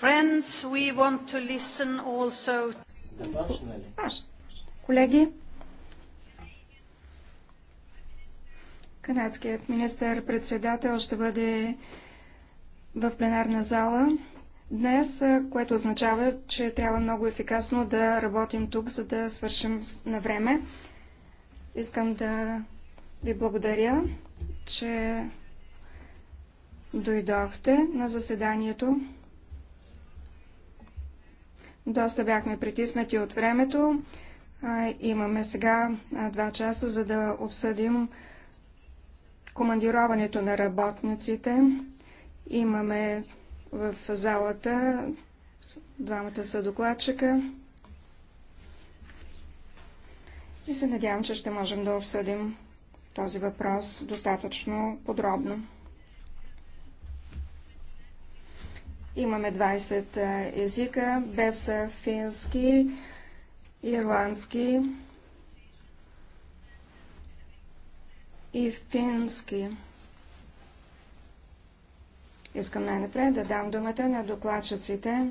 Friends, we want to listen also. Колеги, канадският министър-председател ще бъде в пленарна зала днес, което означава, че трябва много ефикасно да работим тук, за да свършим на време. Искам да ви благодаря, че дойдохте на заседанието. Доста бяхме притиснати от времето. Имаме сега два часа, за да обсъдим командироването на работниците. Имаме в залата двамата са докладчика. И се надявам, че ще можем да обсъдим този въпрос достатъчно подробно. Имаме 20 езика, без фински, ирландски и фински. Искам най-напред да дам думата на докладчиците.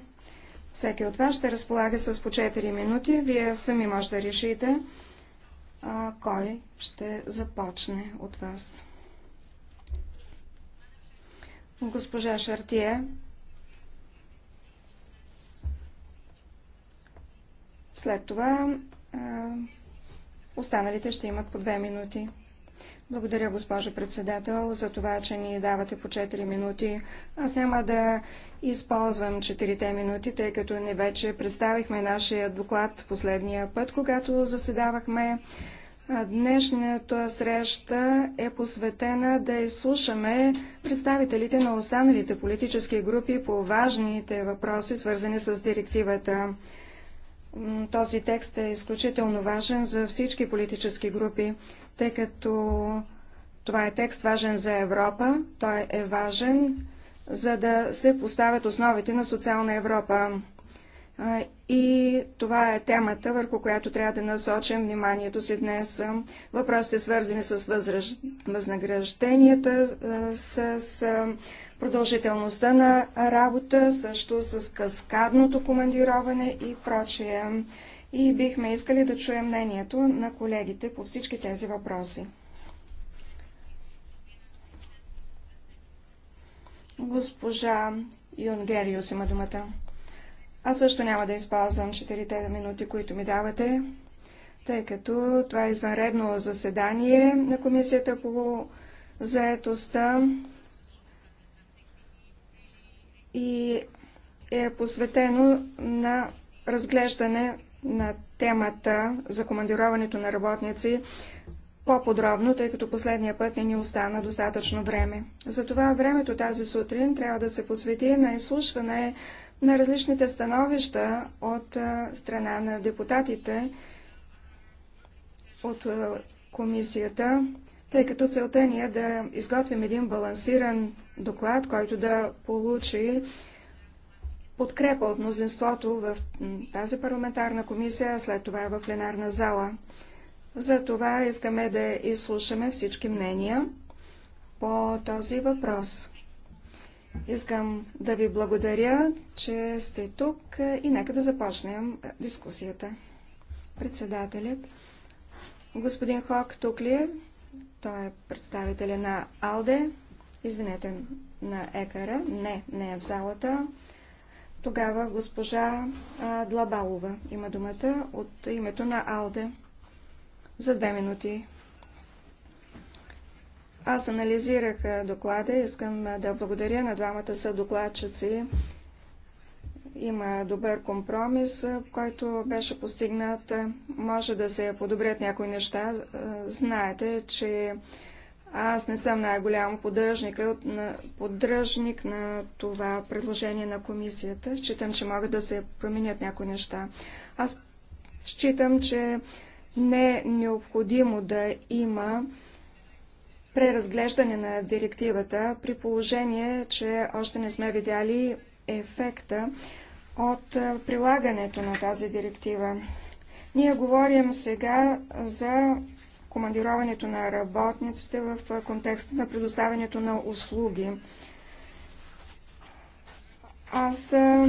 Всеки от вас ще разполага с по 4 минути. Вие сами може да решите а, кой ще започне от вас. Госпожа Шартие, След това останалите ще имат по две минути. Благодаря, госпожо председател, за това, че ни давате по 4 минути. Аз няма да използвам 4 минути, тъй като не вече представихме нашия доклад последния път, когато заседавахме. Днешната среща е посветена да изслушаме представителите на останалите политически групи по важните въпроси, свързани с директивата. Този текст е изключително важен за всички политически групи, тъй като това е текст важен за Европа, той е важен за да се поставят основите на социална Европа. И това е темата, върху която трябва да насочим вниманието си днес. Въпросите свързани с възраж... възнагражденията, с, продължителността на работа, също с каскадното командироване и прочее. И бихме искали да чуем мнението на колегите по всички тези въпроси. Госпожа Юнгериус има думата. Аз също няма да използвам 4 минути, които ми давате, тъй като това е извънредно заседание на Комисията по заетостта и е посветено на разглеждане на темата за командироването на работници по-подробно, тъй като последния път не ни остана достатъчно време. Затова времето тази сутрин трябва да се посвети на изслушване на различните становища от страна на депутатите от комисията, тъй като целта ни е да изготвим един балансиран доклад, който да получи подкрепа от мнозинството в тази парламентарна комисия, а след това в пленарна зала. За това искаме да изслушаме всички мнения по този въпрос. Искам да ви благодаря, че сте тук и нека да започнем е, дискусията. Председателят. Господин Хок Тукли, е? Той е представителя на АЛДЕ. Извинете, на ЕКАРА. Не, не е в залата. Тогава госпожа а, Длабалова има думата от името на АЛДЕ. За две минути. Аз анализирах доклада. Искам да благодаря на двамата съдокладчици. Има добър компромис, който беше постигнат. Може да се подобрят някои неща. Знаете, че аз не съм най-голям поддръжник, поддръжник на това предложение на комисията. Считам, че могат да се променят някои неща. Аз считам, че не е необходимо да има преразглеждане на директивата, при положение, че още не сме видяли ефекта от прилагането на тази директива. Ние говорим сега за командироването на работниците в контекста на предоставянето на услуги. Аз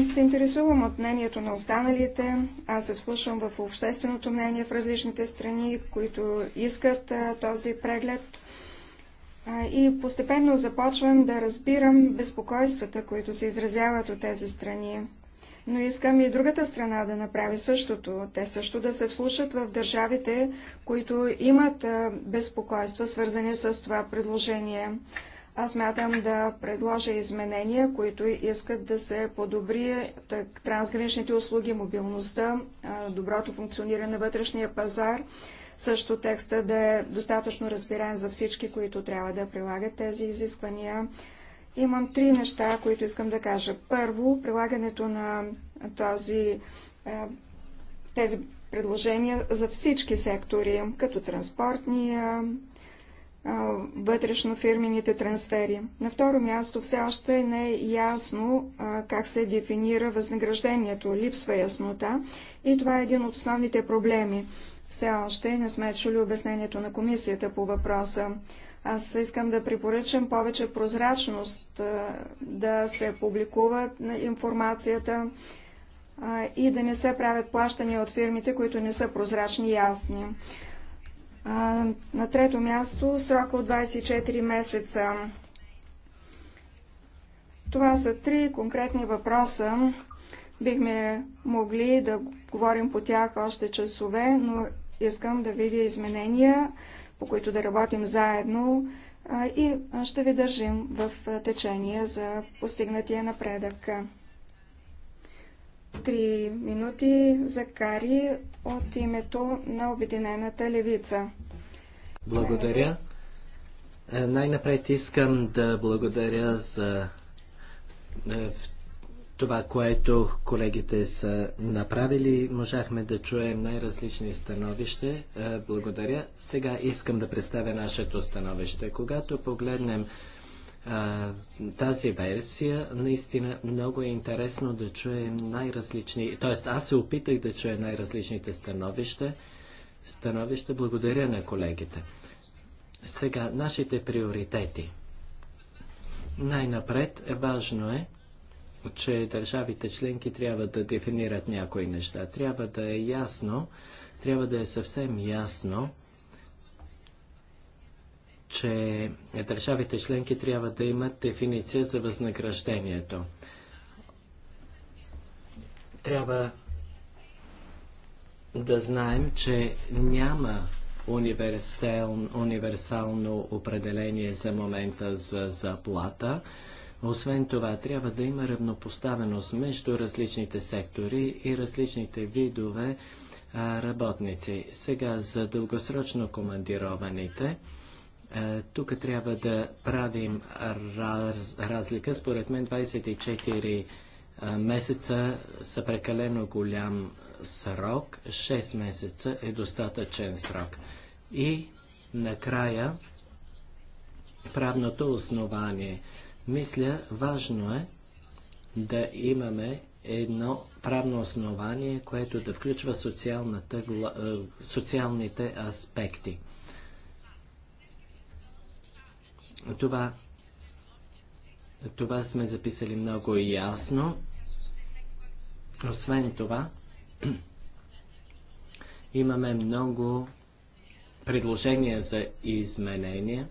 се интересувам от мнението на останалите, аз се вслушвам в общественото мнение в различните страни, които искат този преглед и постепенно започвам да разбирам безпокойствата, които се изразяват от тези страни. Но искам и другата страна да направи същото. Те също да се вслушат в държавите, които имат безпокойства, свързани с това предложение. Аз мятам да предложа изменения, които искат да се подобри так, трансграничните услуги, мобилността, доброто функциониране на вътрешния пазар. Също текста да е достатъчно разбирен за всички, които трябва да прилагат тези изисквания. Имам три неща, които искам да кажа. Първо, прилагането на този, тези предложения за всички сектори, като транспортния, вътрешнофирмените трансфери. На второ място все още не е ясно как се дефинира възнаграждението, липсва яснота и това е един от основните проблеми. Все още не сме чули обяснението на комисията по въпроса. Аз искам да препоръчам повече прозрачност, да се публикува информацията и да не се правят плащания от фирмите, които не са прозрачни и ясни. На трето място срока от 24 месеца. Това са три конкретни въпроса. Бихме могли да говорим по тях още часове, но искам да видя изменения, по които да работим заедно и ще ви държим в течение за постигнатия напредък. Три минути за Кари от името на Обединената левица. Благодаря. Е, най-напред искам да благодаря за е, това, което колегите са направили. Можахме да чуем най-различни становище. Благодаря. Сега искам да представя нашето становище. Когато погледнем тази версия. Наистина много е интересно да чуем най-различни, т.е. аз се опитах да чуя най-различните становища. Становища благодаря на колегите. Сега, нашите приоритети. Най-напред е важно е, че държавите членки трябва да дефинират някои неща. Трябва да е ясно, трябва да е съвсем ясно че държавите членки трябва да имат дефиниция за възнаграждението. Трябва да знаем, че няма универсал, универсално определение за момента за заплата. Освен това, трябва да има равнопоставеност между различните сектори и различните видове работници. Сега за дългосрочно командированите е, тук трябва да правим раз, разлика. Според мен 24 е, месеца са прекалено голям срок. 6 месеца е достатъчен срок. И накрая правното основание. Мисля, важно е да имаме едно правно основание, което да включва е, социалните аспекти. Това, това сме записали много ясно. Освен това, имаме много предложения за изменения,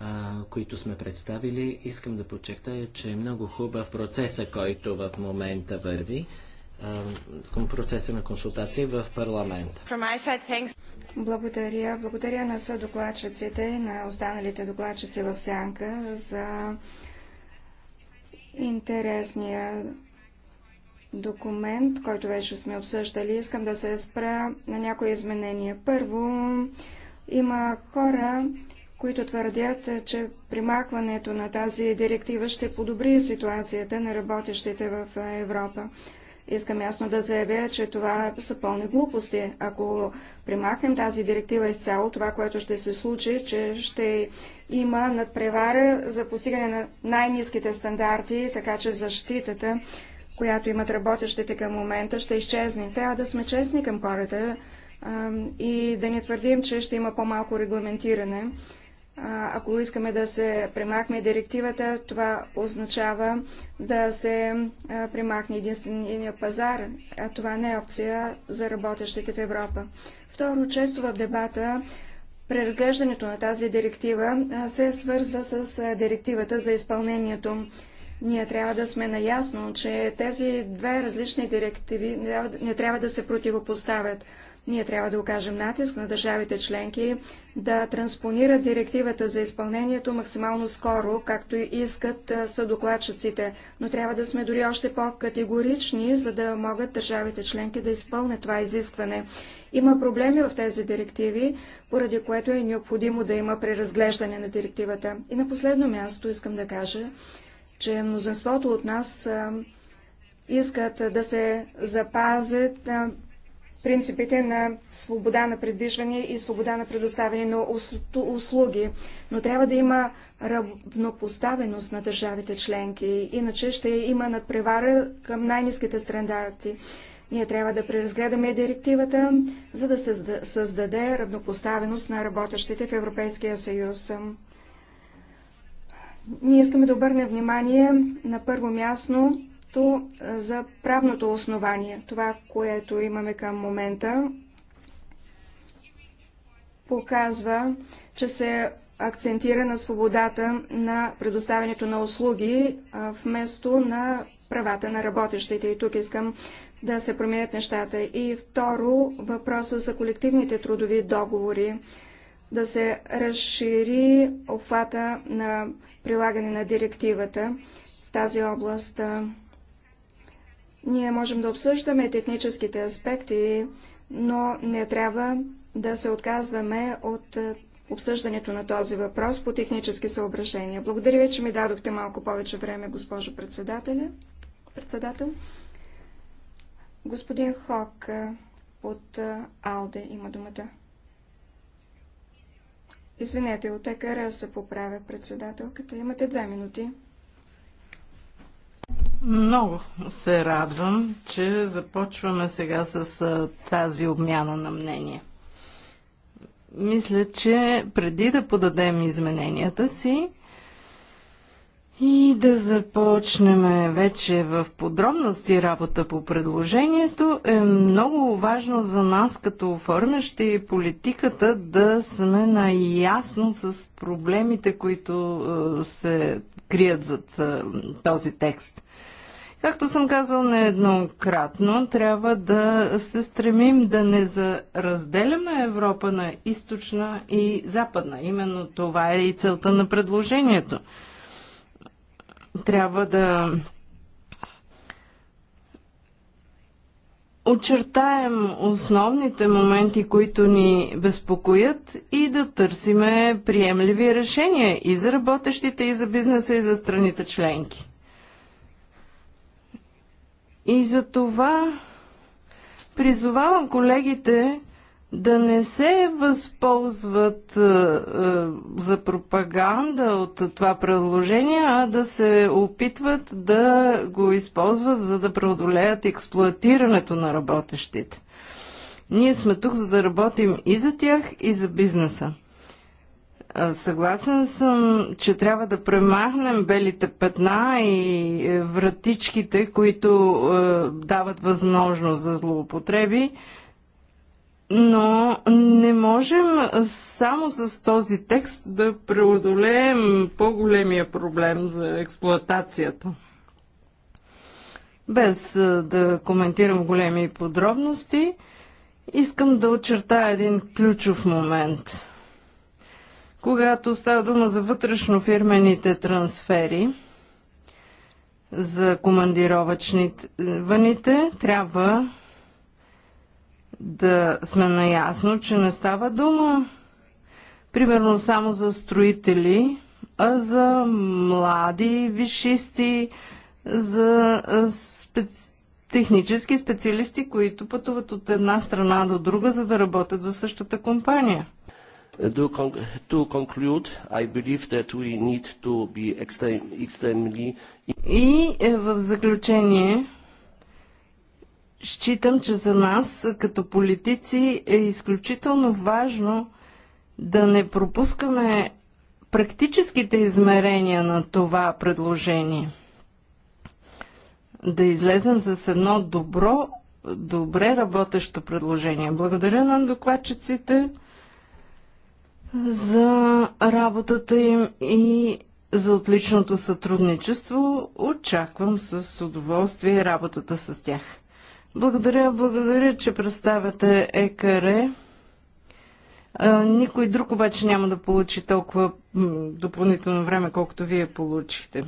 а, които сме представили. Искам да подчертая, че е много хубав процеса, който в момента върви процеса на консултации в парламента. Благодаря. Благодаря на съдокладчиците и на останалите докладчици в Сянка за интересния документ, който вече сме обсъждали. Искам да се спра на някои изменения. Първо, има хора, които твърдят, че примахването на тази директива ще подобри ситуацията на работещите в Европа. Искам ясно да заявя, че това са пълни глупости. Ако примахнем тази директива изцяло, това, което ще се случи, че ще има надпревара за постигане на най-низките стандарти, така че защитата, която имат работещите към момента, ще изчезне. Трябва да сме честни към хората и да не твърдим, че ще има по-малко регламентиране. Ако искаме да се премахне директивата, това означава да се премахне единствения пазар. А това не е опция за работещите в Европа. Второ, често в дебата преразглеждането на тази директива се свързва с директивата за изпълнението. Ние трябва да сме наясно, че тези две различни директиви не трябва да се противопоставят. Ние трябва да окажем натиск на държавите членки да транспонират директивата за изпълнението максимално скоро, както и искат съдокладчиците, но трябва да сме дори още по-категорични, за да могат държавите членки да изпълнят това изискване. Има проблеми в тези директиви, поради което е необходимо да има преразглеждане на директивата. И на последно място искам да кажа, че мнозинството от нас искат да се запазят принципите на свобода на предвижване и свобода на предоставяне на услуги, но трябва да има равнопоставеност на държавите членки, иначе ще има надпревара към най-низките стандарти. Ние трябва да преразгледаме директивата, за да се създаде равнопоставеност на работещите в Европейския съюз. Ние искаме да обърнем внимание на първо място Колкото за правното основание, това, което имаме към момента, показва, че се акцентира на свободата на предоставянето на услуги вместо на правата на работещите. И тук искам да се променят нещата. И второ, въпроса за колективните трудови договори. Да се разшири обхвата на прилагане на директивата в тази област. Ние можем да обсъждаме техническите аспекти, но не трябва да се отказваме от е, обсъждането на този въпрос по технически съображения. Благодаря ви, че ми дадохте малко повече време, госпожо председателя. председател. Господин Хок е, от е, Алде има думата. Извинете, от ЕКР се поправя председателката. Имате две минути. Много се радвам, че започваме сега с тази обмяна на мнение. Мисля, че преди да подадем измененията си, и да започнем вече в подробности работа по предложението. Е много важно за нас като оформящи политиката да сме наясно с проблемите, които се крият зад този текст. Както съм казал нееднократно, трябва да се стремим да не заразделяме Европа на източна и западна. Именно това е и целта на предложението. Трябва да очертаем основните моменти, които ни безпокоят и да търсиме приемливи решения и за работещите, и за бизнеса, и за страните членки. И за това призовавам колегите да не се възползват е, е, за пропаганда от това предложение, а да се опитват да го използват, за да преодолеят експлуатирането на работещите. Ние сме тук, за да работим и за тях, и за бизнеса. Съгласен съм, че трябва да премахнем белите петна и е, вратичките, които е, дават възможност за злоупотреби, но не можем само с този текст да преодолеем по-големия проблем за експлоатацията. Без е, да коментирам големи подробности, искам да очертая един ключов момент – когато става дума за вътрешно фирмените трансфери, за командировачните, трябва да сме наясно, че не става дума примерно само за строители, а за млади вишисти, за специ... технически специалисти, които пътуват от една страна до друга, за да работят за същата компания. To conclude, I believe that we need to be extremely... И е, в заключение, считам, че за нас като политици е изключително важно да не пропускаме практическите измерения на това предложение. Да излезем с едно добро, добре работещо предложение. Благодаря на докладчиците за работата им и за отличното сътрудничество. Очаквам с удоволствие работата с тях. Благодаря, благодаря, че представяте ЕКР. Никой друг обаче няма да получи толкова допълнително време, колкото вие получихте.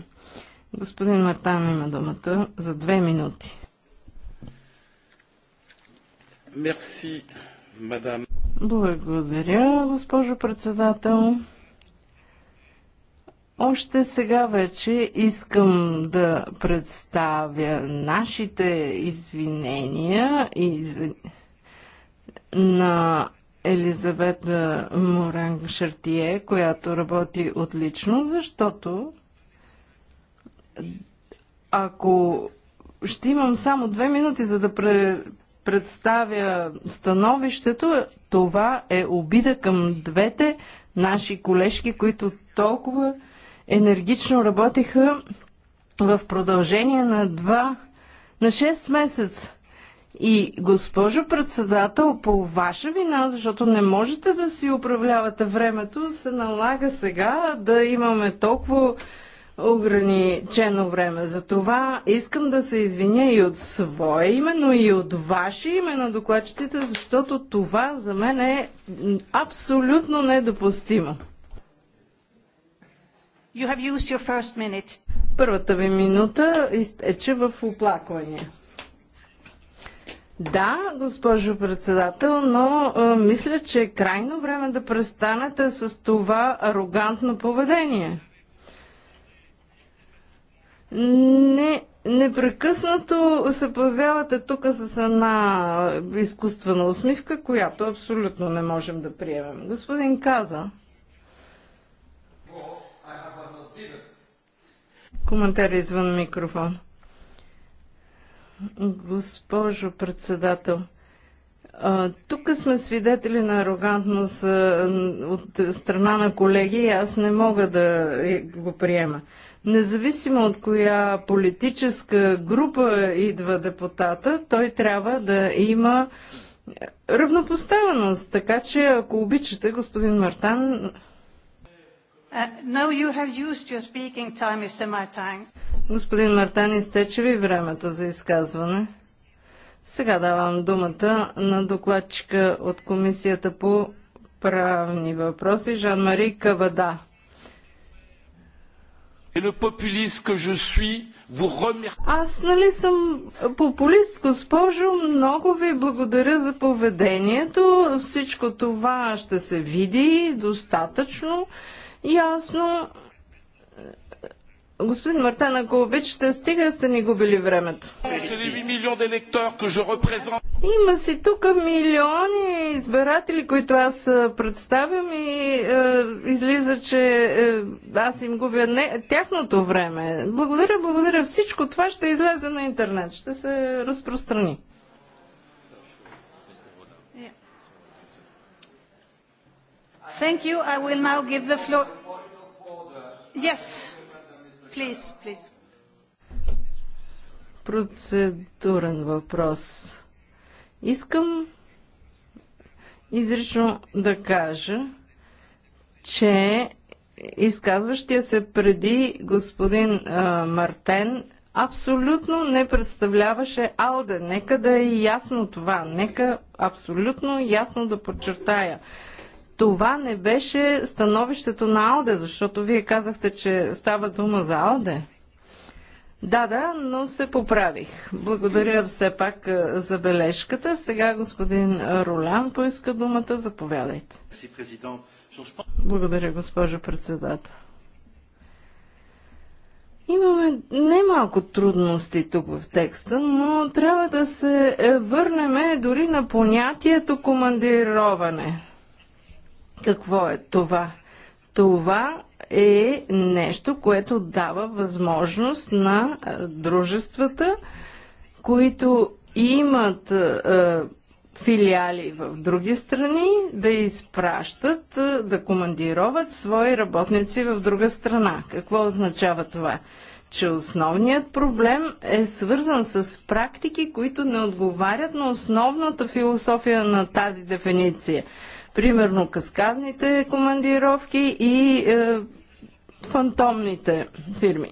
Господин Мартан има думата за две минути. Мерси мадам. Благодаря, госпожо председател. Още сега вече искам да представя нашите извинения и извин... на Елизабета Моран Шартие, която работи отлично, защото ако ще имам само две минути, за да представя становището, това е обида към двете наши колежки, които толкова енергично работиха в продължение на два, на 6 месеца. И, госпожо председател, по ваша вина, защото не можете да си управлявате времето, се налага сега да имаме толкова ограничено време. За това искам да се извиня и от свое име, но и от ваше име на докладчиците, защото това за мен е абсолютно недопустимо. You have used your first minute. Първата ви минута изтече в оплакване. Да, госпожо председател, но а, е, мисля, че е крайно време да престанете с това арогантно поведение. Не, непрекъснато се появявате тук с една изкуствена усмивка, която абсолютно не можем да приемем. Господин Каза. Коментар извън микрофон. Госпожо председател, тук сме свидетели на арогантност от страна на колеги и аз не мога да го приема. Независимо от коя политическа група идва депутата, той трябва да има равнопоставеност. Така че, ако обичате, господин Мартан, uh, No, time, Martin. Господин Мартан, изтече ви времето за изказване. Сега давам думата на докладчика от Комисията по правни въпроси Жан-Мари Кавада. Аз нали съм популист, госпожо, много ви благодаря за поведението. Всичко това ще се види достатъчно ясно Господин Мартан, ако обичате, стига сте ни губили времето. Има си тук милиони избиратели, които аз представям и е, излиза, че е, аз им губя не, тяхното време. Благодаря, благодаря. Всичко това ще излезе на интернет. Ще се разпространи. Thank you. I will now give the floor. Yes. Please, please. Процедурен въпрос. Искам изрично да кажа, че изказващия се преди господин а, Мартен абсолютно не представляваше Алде. Нека да е ясно това. Нека абсолютно ясно да подчертая това не беше становището на Алде, защото вие казахте, че става дума за Алде. Да, да, но се поправих. Благодаря все пак е, за бележката. Сега господин Ролян поиска думата. Заповядайте. Благодаря, госпожо председател. Имаме немалко трудности тук в текста, но трябва да се е, върнем дори на понятието командироване. Какво е това? Това е нещо, което дава възможност на дружествата, които имат филиали в други страни, да изпращат, да командироват свои работници в друга страна. Какво означава това? Че основният проблем е свързан с практики, които не отговарят на основната философия на тази дефиниция – примерно каскадните командировки и е, фантомните фирми.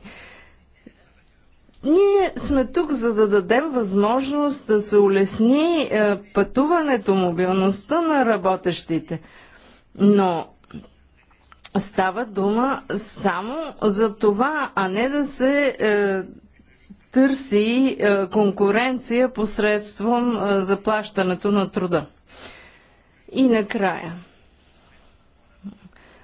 Ние сме тук, за да дадем възможност да се улесни е, пътуването, мобилността на работещите. Но става дума само за това, а не да се е, търси е, конкуренция посредством е, заплащането на труда. И накрая,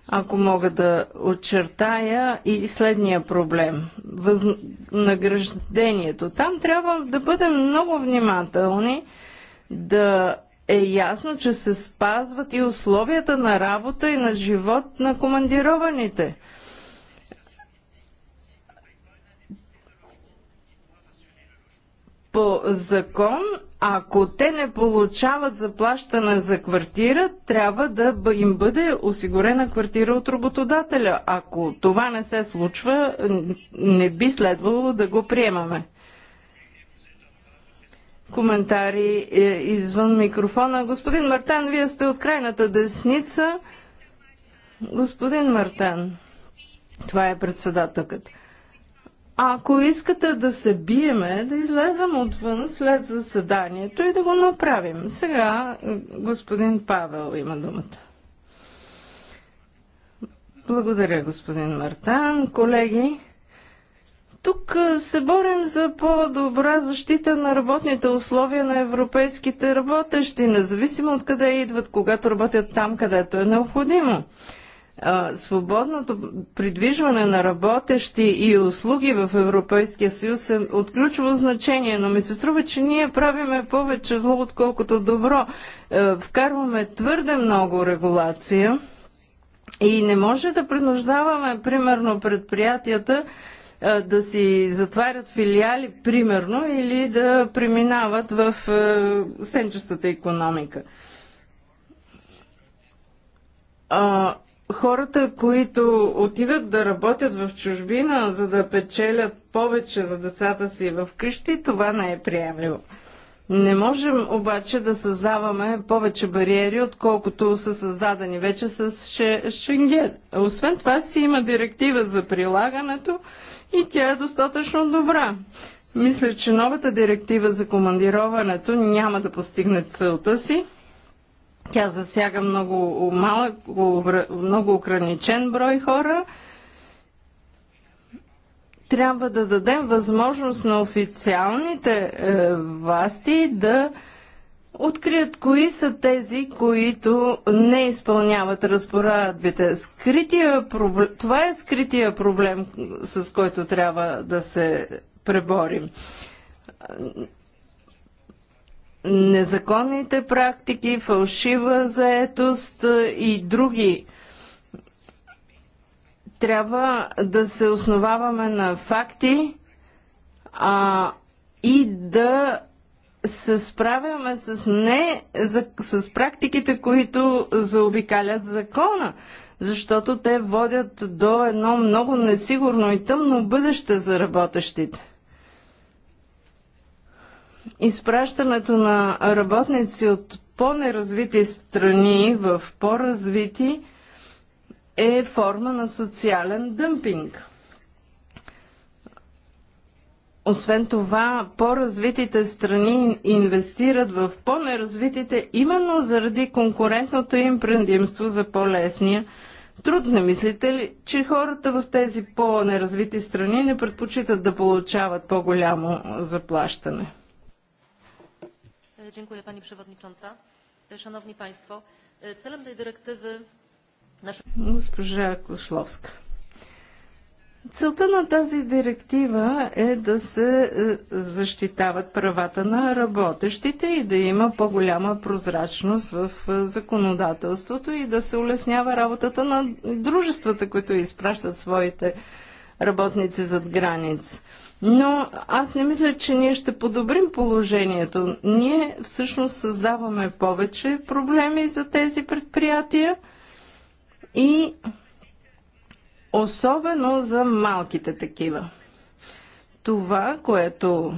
ако мога да очертая и следния проблем – възнаграждението. Там трябва да бъдем много внимателни, да е ясно, че се спазват и условията на работа и на живот на командированите. По закон ако те не получават заплащане за квартира, трябва да им бъде осигурена квартира от работодателя. Ако това не се случва, не би следвало да го приемаме. Коментари е, извън микрофона. Господин Мартан, вие сте от крайната десница. Господин Мартан, това е председателката. Ако искате да се биеме, да излезем отвън след заседанието и да го направим. Сега господин Павел има думата. Благодаря, господин Мартан. Колеги, тук се борим за по-добра защита на работните условия на европейските работещи, независимо от къде идват, когато работят там, където е необходимо свободното придвижване на работещи и услуги в Европейския съюз е от ключово значение, но ми се струва, че ние правиме повече зло, отколкото добро. Е, вкарваме твърде много регулация и не може да принуждаваме, примерно, предприятията е, да си затварят филиали, примерно, или да преминават в е, сенчестата економика хората, които отиват да работят в чужбина, за да печелят повече за децата си в къщи, това не е приемливо. Не можем обаче да създаваме повече бариери, отколкото са създадени вече с Шенген. Освен това си има директива за прилагането и тя е достатъчно добра. Мисля, че новата директива за командироването няма да постигне целта си тя засяга много малък, много ограничен брой хора. Трябва да дадем възможност на официалните е, власти да открият кои са тези, които не изпълняват разпоредбите. проблем, това е скрития проблем, с който трябва да се преборим незаконните практики, фалшива заетост и други. Трябва да се основаваме на факти а, и да се справяме с, не, за, с практиките, които заобикалят закона, защото те водят до едно много несигурно и тъмно бъдеще за работещите изпращането на работници от по-неразвити страни в по-развити е форма на социален дъмпинг. Освен това, по-развитите страни инвестират в по-неразвитите именно заради конкурентното им предимство за по-лесния труд. Не мислите ли, че хората в тези по-неразвити страни не предпочитат да получават по-голямо заплащане? E, dziękuję Pani Przewodnicząca. E, szanowni Państwo, e, celem tej dyrektywy... Госпожа Кошловска. Целта на тази директива е да се е, защитават правата на работещите и да има по-голяма прозрачност в е, законодателството и да се улеснява работата на дружествата, които изпращат своите работници зад граница. Но аз не мисля, че ние ще подобрим положението. Ние всъщност създаваме повече проблеми за тези предприятия и особено за малките такива. Това, което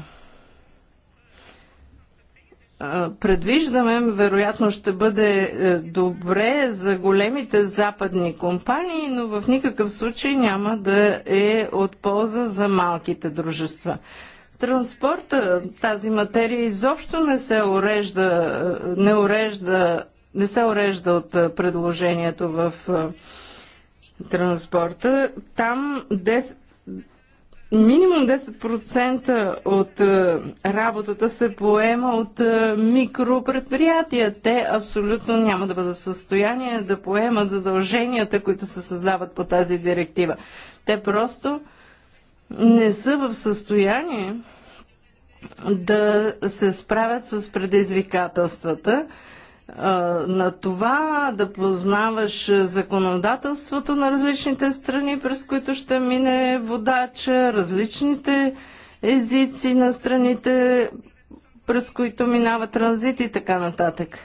предвиждаме, вероятно ще бъде е, добре за големите западни компании, но в никакъв случай няма да е от полза за малките дружества. Транспорта, тази материя изобщо не се урежда, е, не урежда, не се урежда от е, предложението в транспорта. Там 10 минимум 10% от е, работата се поема от е, микропредприятия. Те абсолютно няма да бъдат в състояние да поемат задълженията, които се създават по тази директива. Те просто не са в състояние да се справят с предизвикателствата на това да познаваш законодателството на различните страни, през които ще мине водача, различните езици на страните, през които минава транзит и така нататък.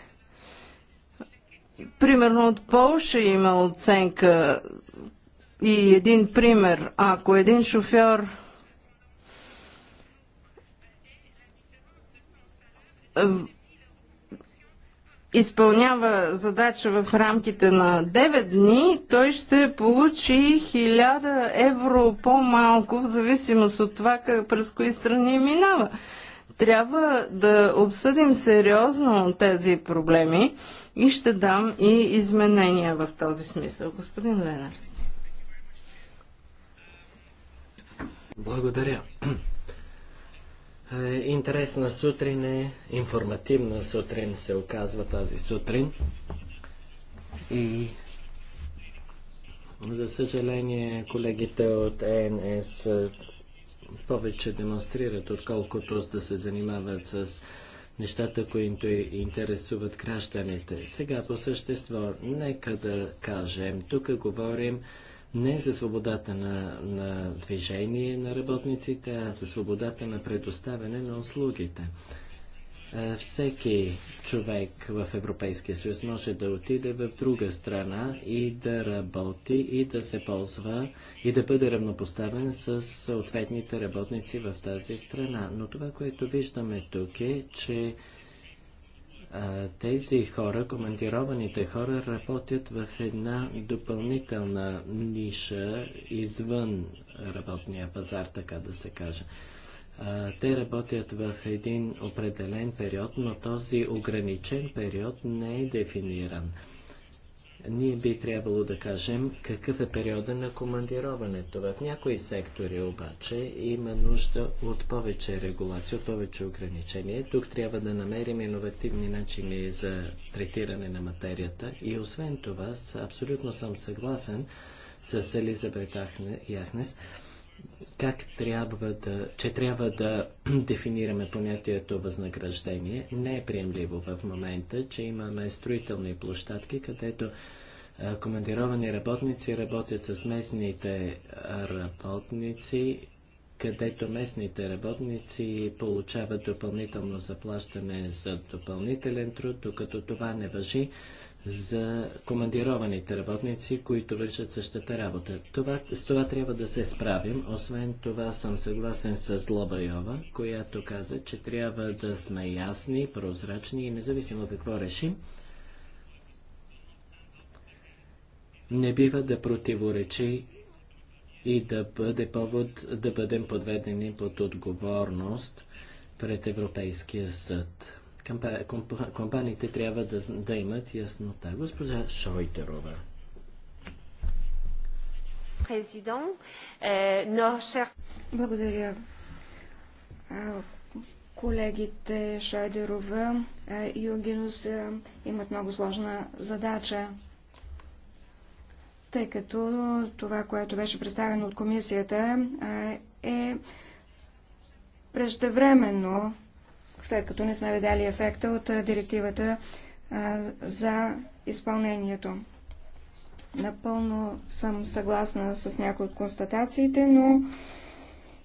Примерно от Полша има оценка и един пример. Ако един шофьор изпълнява задача в рамките на 9 дни, той ще получи 1000 евро по-малко, в зависимост от това как, през кои страни минава. Трябва да обсъдим сериозно тези проблеми и ще дам и изменения в този смисъл. Господин Ленарс. Благодаря. Е, интересна сутрин е, информативна сутрин се оказва тази сутрин. И за съжаление, колегите от ЕНС е, повече демонстрират, отколкото да се занимават с нещата, които интересуват гражданите. Сега по същество, нека да кажем, тук говорим не за свободата на, на движение на работниците, а за свободата на предоставяне на услугите. Всеки човек в Европейския съюз може да отиде в друга страна и да работи и да се ползва и да бъде равнопоставен с съответните работници в тази страна. Но това, което виждаме тук е, че тези хора, командированите хора, работят в една допълнителна ниша извън работния пазар, така да се каже. Те работят в един определен период, но този ограничен период не е дефиниран ние би трябвало да кажем какъв е периода на командироването. В някои сектори обаче има нужда от повече регулация, от повече ограничения. Тук трябва да намерим иновативни начини за третиране на материята и освен това, абсолютно съм съгласен с Елизабет Яхнес, как трябва да, че трябва да дефинираме понятието възнаграждение. Не е приемливо в момента, че имаме строителни площадки, където командировани работници работят с местните работници, където местните работници получават допълнително заплащане за допълнителен труд, докато това не въжи за командированите работници, които вършат същата работа. Това, с това трябва да се справим. Освен това съм съгласен с Лобайова, която каза, че трябва да сме ясни, прозрачни и независимо какво решим, не бива да противоречи и да бъде повод да бъдем подведени под отговорност пред Европейския съд компаниите трябва да, да имат яснота. Госпожа Шойтерова. Е, Благодаря. Колегите Шойдерова и Огинус имат много сложна задача, тъй като това, което беше представено от комисията, е преждевременно след като не сме видяли ефекта от директивата за изпълнението. Напълно съм съгласна с някои от констатациите, но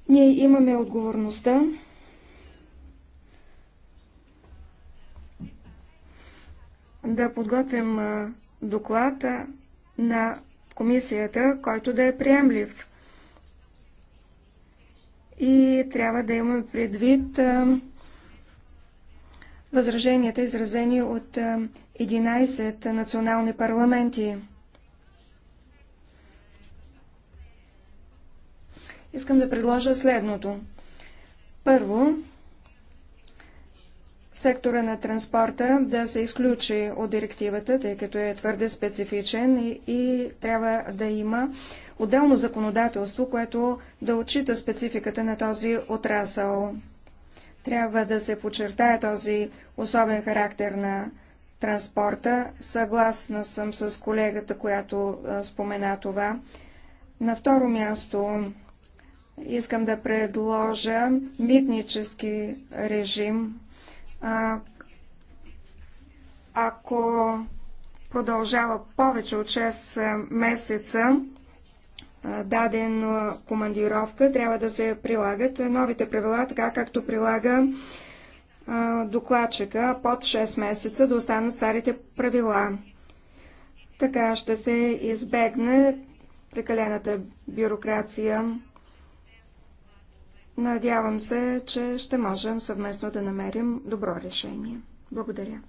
ние имаме отговорността да подготвим доклад на комисията, който да е приемлив. И трябва да имаме предвид възраженията, изразени от 11 национални парламенти. Искам да предложа следното. Първо, сектора на транспорта да се изключи от директивата, тъй като е твърде специфичен и, и трябва да има отделно законодателство, което да отчита спецификата на този отрасъл. Трябва да се подчертая този особен характер на транспорта. Съгласна съм с колегата, която спомена това. На второ място искам да предложа митнически режим. А, ако продължава повече от 6 месеца, дадена командировка, трябва да се прилагат новите правила, така както прилага докладчика под 6 месеца да останат старите правила. Така ще се избегне прекалената бюрокрация. Надявам се, че ще можем съвместно да намерим добро решение. Благодаря.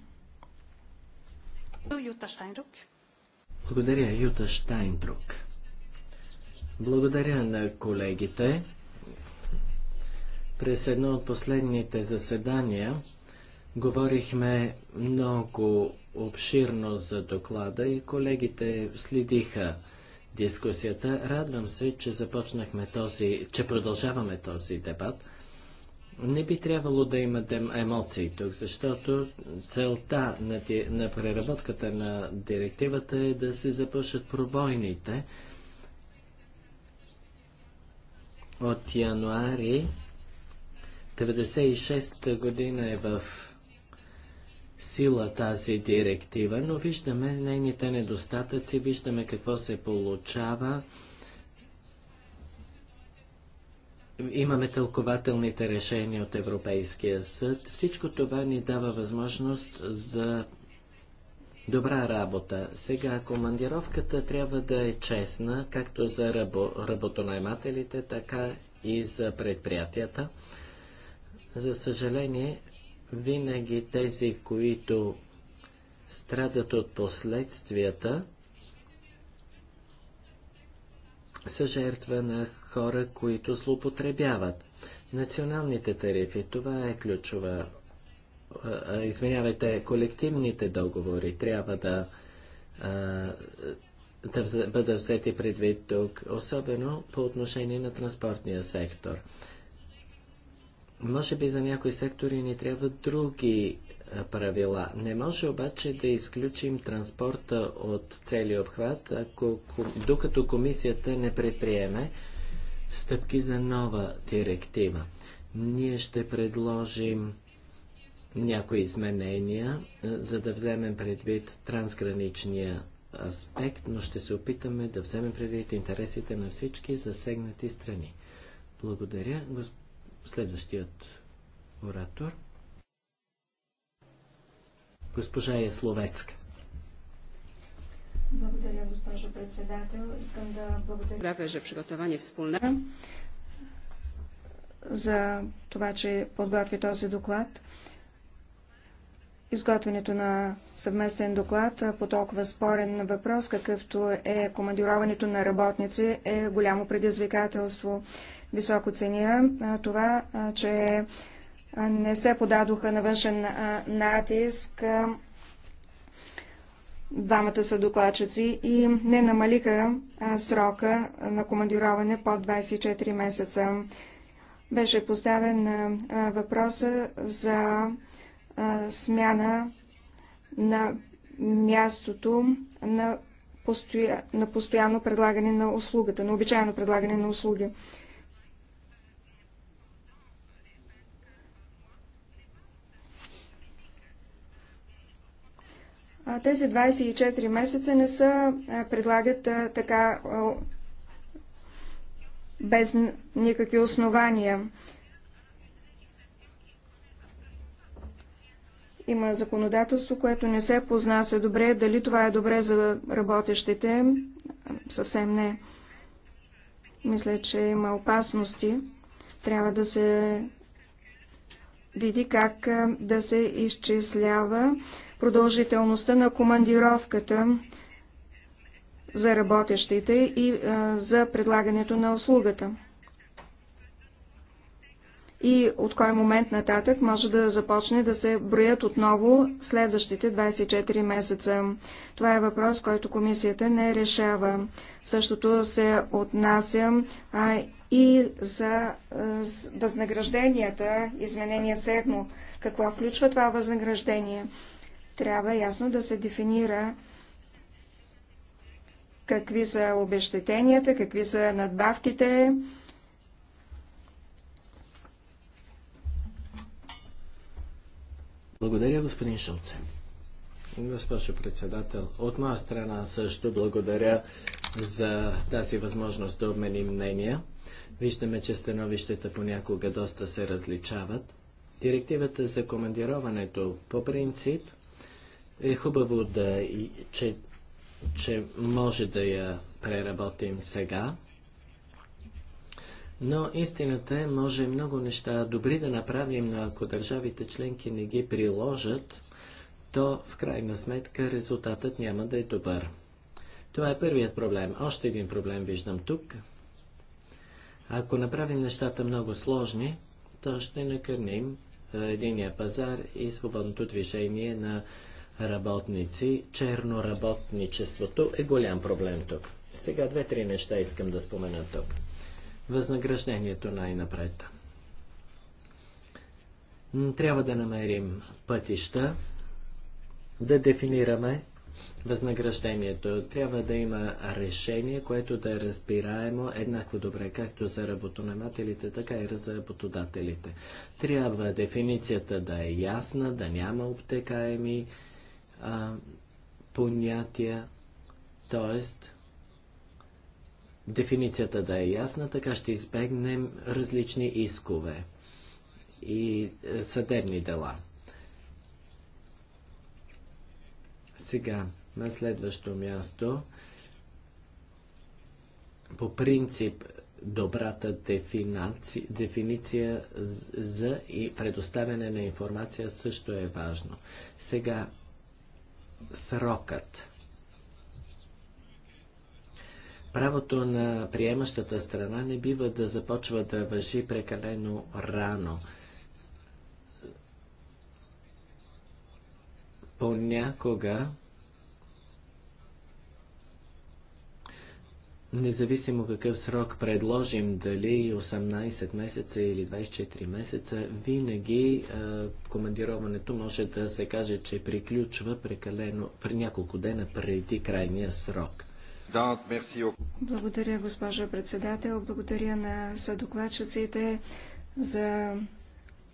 Благодаря, Юта Штайндрук. Благодаря на колегите. През едно от последните заседания говорихме много обширно за доклада и колегите следиха дискусията. Радвам се, че започнахме този, че продължаваме този дебат. Не би трябвало да има емоции тук, защото целта на, на преработката на директивата е да се запушат пробойните, от януари 96-та година е в сила тази директива, но виждаме нейните недостатъци, виждаме какво се получава. Имаме тълкователните решения от Европейския съд. Всичко това ни дава възможност за добра работа. Сега командировката трябва да е честна, както за рабо, работонаймателите, така и за предприятията. За съжаление, винаги тези, които страдат от последствията, са жертва на хора, които злоупотребяват. Националните тарифи, това е ключова извинявайте, колективните договори трябва да, да бъдат взети предвид тук, особено по отношение на транспортния сектор. Може би за някои сектори ни трябват други правила. Не може обаче да изключим транспорта от целия обхват, ако, докато комисията не предприеме стъпки за нова директива. Ние ще предложим някои изменения, е, за да вземем предвид трансграничния аспект, но ще се опитаме да вземем предвид интересите на всички засегнати страни. Благодаря. Следващият оратор. Госпожа е словецка. Благодаря, госпожо председател. Искам да благодаря за приготовление спулна. за това, че подготви този доклад изготвянето на съвместен доклад по толкова спорен въпрос, какъвто е командироването на работници, е голямо предизвикателство. Високо ценя това, че не се подадоха на външен натиск двамата са докладчици и не намалиха срока на командироване под 24 месеца. Беше поставен въпроса за смяна на мястото на, постоя... на постоянно предлагане на услугата, на обичайно предлагане на услуги. Тези 24 месеца не са предлагат така без никакви основания. Има законодателство, което не се познася добре. Дали това е добре за работещите? Съвсем не. Мисля, че има опасности. Трябва да се види как да се изчислява продължителността на командировката за работещите и за предлагането на услугата и от кой момент нататък може да започне да се броят отново следващите 24 месеца. Това е въпрос, който комисията не решава. Същото се отнася а, и за а, възнагражденията, изменение седмо, Какво включва това възнаграждение? Трябва ясно да се дефинира какви са обещетенията, какви са надбавките, Благодаря, господин Шулце. Госпожо председател, от моя страна също благодаря за тази възможност да обменим мнения. Виждаме, че становищата понякога доста се различават. Директивата за командироването по принцип е хубаво да, че, че може да я преработим сега, но истината е, може много неща добри да направим, но ако държавите членки не ги приложат, то в крайна сметка резултатът няма да е добър. Това е първият проблем. Още един проблем виждам тук. Ако направим нещата много сложни, то ще накърним единия пазар и свободното движение на работници. Черноработничеството е голям проблем тук. Сега две-три неща искам да спомена тук възнаграждението най-напред. Трябва да намерим пътища, да дефинираме възнаграждението. Трябва да има решение, което да е разбираемо еднакво добре, както за работонемателите, така и за работодателите. Трябва дефиницията да е ясна, да няма обтекаеми а, понятия, т.е дефиницията да е ясна, така ще избегнем различни искове и е, съдебни дела. Сега, на следващо място, по принцип добрата дефинация, дефиниция за и предоставяне на информация също е важно. Сега, срокът. Правото на приемащата страна не бива да започва да въжи прекалено рано. Понякога, независимо какъв срок предложим, дали 18 месеца или 24 месеца, винаги е, командироването може да се каже, че приключва прекалено при няколко дена преди крайния срок. Благодаря, госпожа председател. Благодаря на съдокладчиците за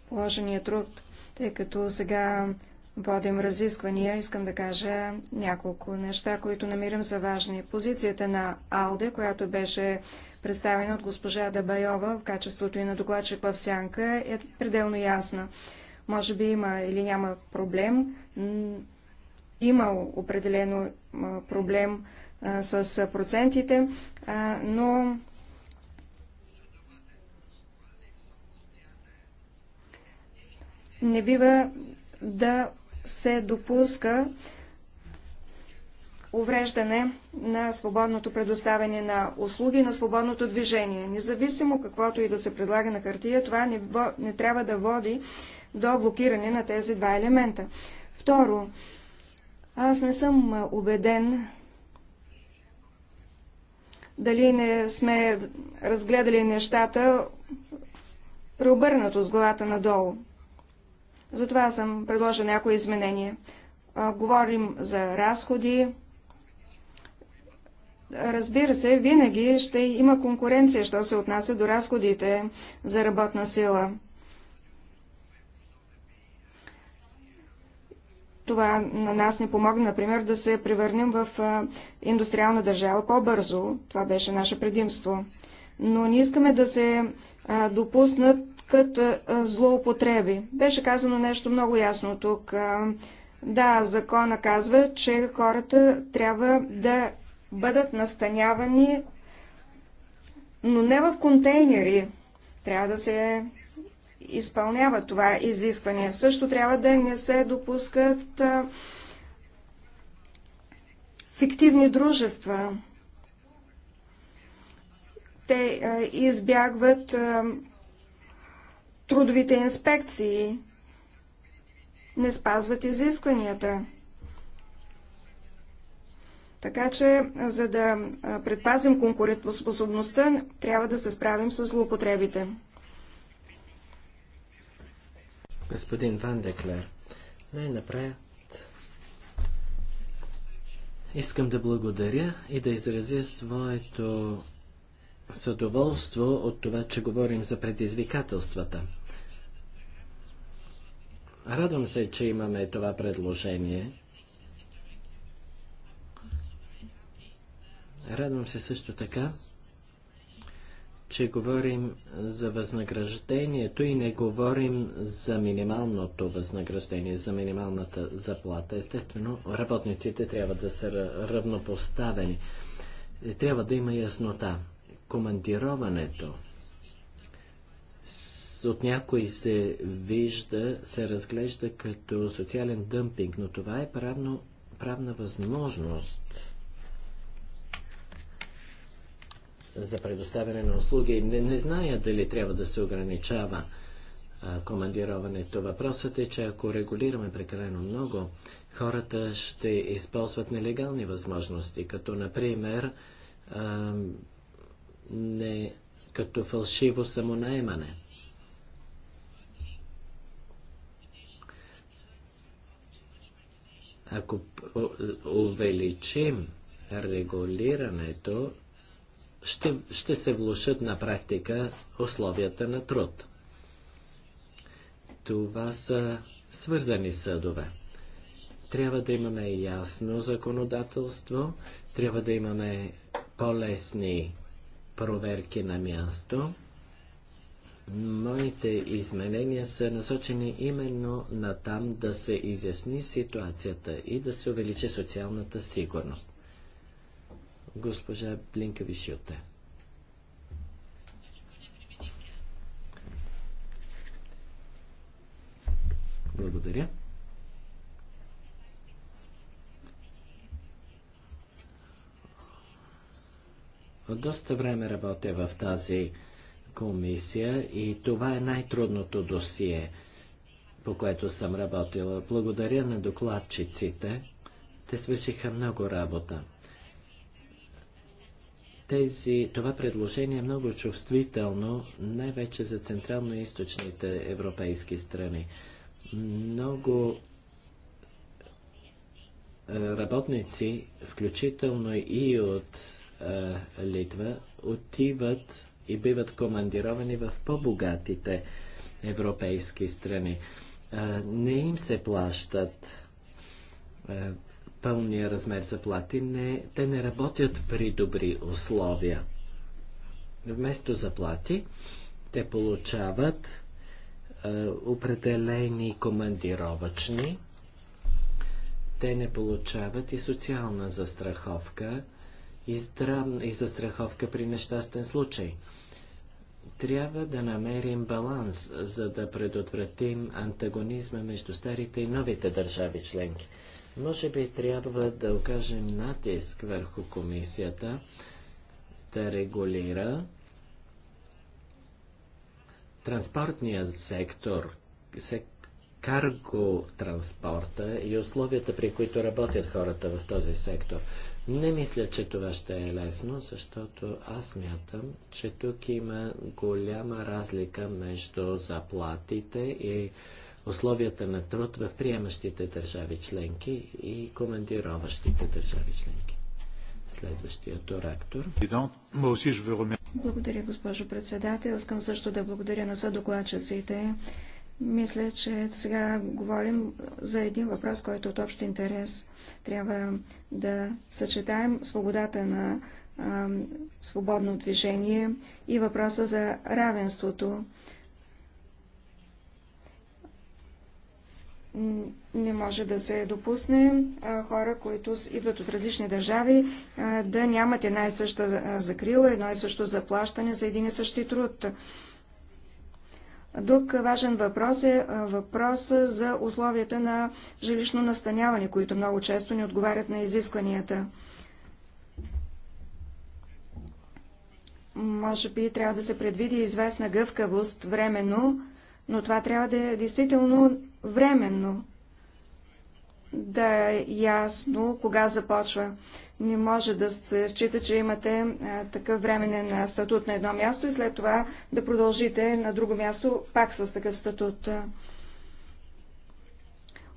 положения труд. Тъй като сега водим разисквания, искам да кажа няколко неща, които намирам за важни. Позицията на АЛДЕ, която беше представена от госпожа Дабайова в качеството и на докладчик в Сянка, е пределно ясна. Може би има или няма проблем. Има определено проблем с процентите, но не бива да се допуска увреждане на свободното предоставяне на услуги, на свободното движение. Независимо каквото и да се предлага на хартия, това не, не трябва да води до блокиране на тези два елемента. Второ, аз не съм убеден, дали не сме разгледали нещата преобърнато с главата надолу. Затова съм предложил някои изменения. Говорим за разходи. Разбира се, винаги ще има конкуренция, що се отнася до разходите за работна сила. Това на нас не помогна, например, да се превърнем в индустриална държава по-бързо. Това беше наше предимство. Но не искаме да се допуснат като злоупотреби. Беше казано нещо много ясно тук. Да, закона казва, че хората трябва да бъдат настанявани, но не в контейнери. Трябва да се изпълняват това изискване. Също трябва да не се допускат фиктивни дружества. Те избягват трудовите инспекции, не спазват изискванията. Така че, за да предпазим конкурентоспособността, трябва да се справим с злоупотребите господин Деклер. Най-напред искам да благодаря и да изразя своето задоволство от това, че говорим за предизвикателствата. Радвам се, че имаме това предложение. Радвам се също така, че говорим за възнаграждението и не говорим за минималното възнаграждение, за минималната заплата. Естествено, работниците трябва да са равнопоставени. Трябва да има яснота. Командироването от някой се вижда, се разглежда като социален дъмпинг, но това е правно, правна възможност за предоставяне на услуги. Не, не зная дали трябва да се ограничава а, командироването. Въпросът е, че ако регулираме прекалено много, хората ще използват нелегални възможности, като например а, не, като фалшиво самонаемане. Ако увеличим регулирането, ще, ще се влушат на практика условията на труд. Това са свързани съдове. Трябва да имаме ясно законодателство, трябва да имаме по-лесни проверки на място. Моите изменения са насочени именно на там да се изясни ситуацията и да се увеличи социалната сигурност госпожа Блинка Вишиоте. Благодаря. От доста време работя в тази комисия и това е най-трудното досие, по което съм работила. Благодаря на докладчиците. Те свършиха много работа тези, това предложение е много чувствително, най-вече за централно-источните европейски страни. Много е, работници, включително и от е, Литва, отиват и биват командировани в по-богатите европейски страни. Е, не им се плащат е, пълния размер заплати, не, те не работят при добри условия. Вместо заплати, те получават е, определени командировачни, те не получават и социална застраховка и, здрав... и застраховка при нещастен случай. Трябва да намерим баланс, за да предотвратим антагонизма между старите и новите държави членки. Може би трябва да окажем натиск върху комисията да регулира транспортният сектор, карго транспорта и условията, при които работят хората в този сектор. Не мисля, че това ще е лесно, защото аз мятам, че тук има голяма разлика между заплатите и условията на труд в приемащите държави членки и командироващите държави членки. Следващият оратор. Благодаря, госпожо председател. Искам също да благодаря на съдокладчиците. Мисля, че сега говорим за един въпрос, който е от общ интерес. Трябва да съчетаем свободата на а, свободно движение и въпроса за равенството. не може да се допусне хора, които идват от различни държави, да нямат една и съща закрила, едно и също заплащане за един и същи труд. Друг важен въпрос е въпрос за условията на жилищно настаняване, които много често не отговарят на изискванията. Може би трябва да се предвиди известна гъвкавост временно, но това трябва да е действително временно да е ясно кога започва. Не може да се счита, че имате а, такъв временен статут на едно място и след това да продължите на друго място пак с такъв статут.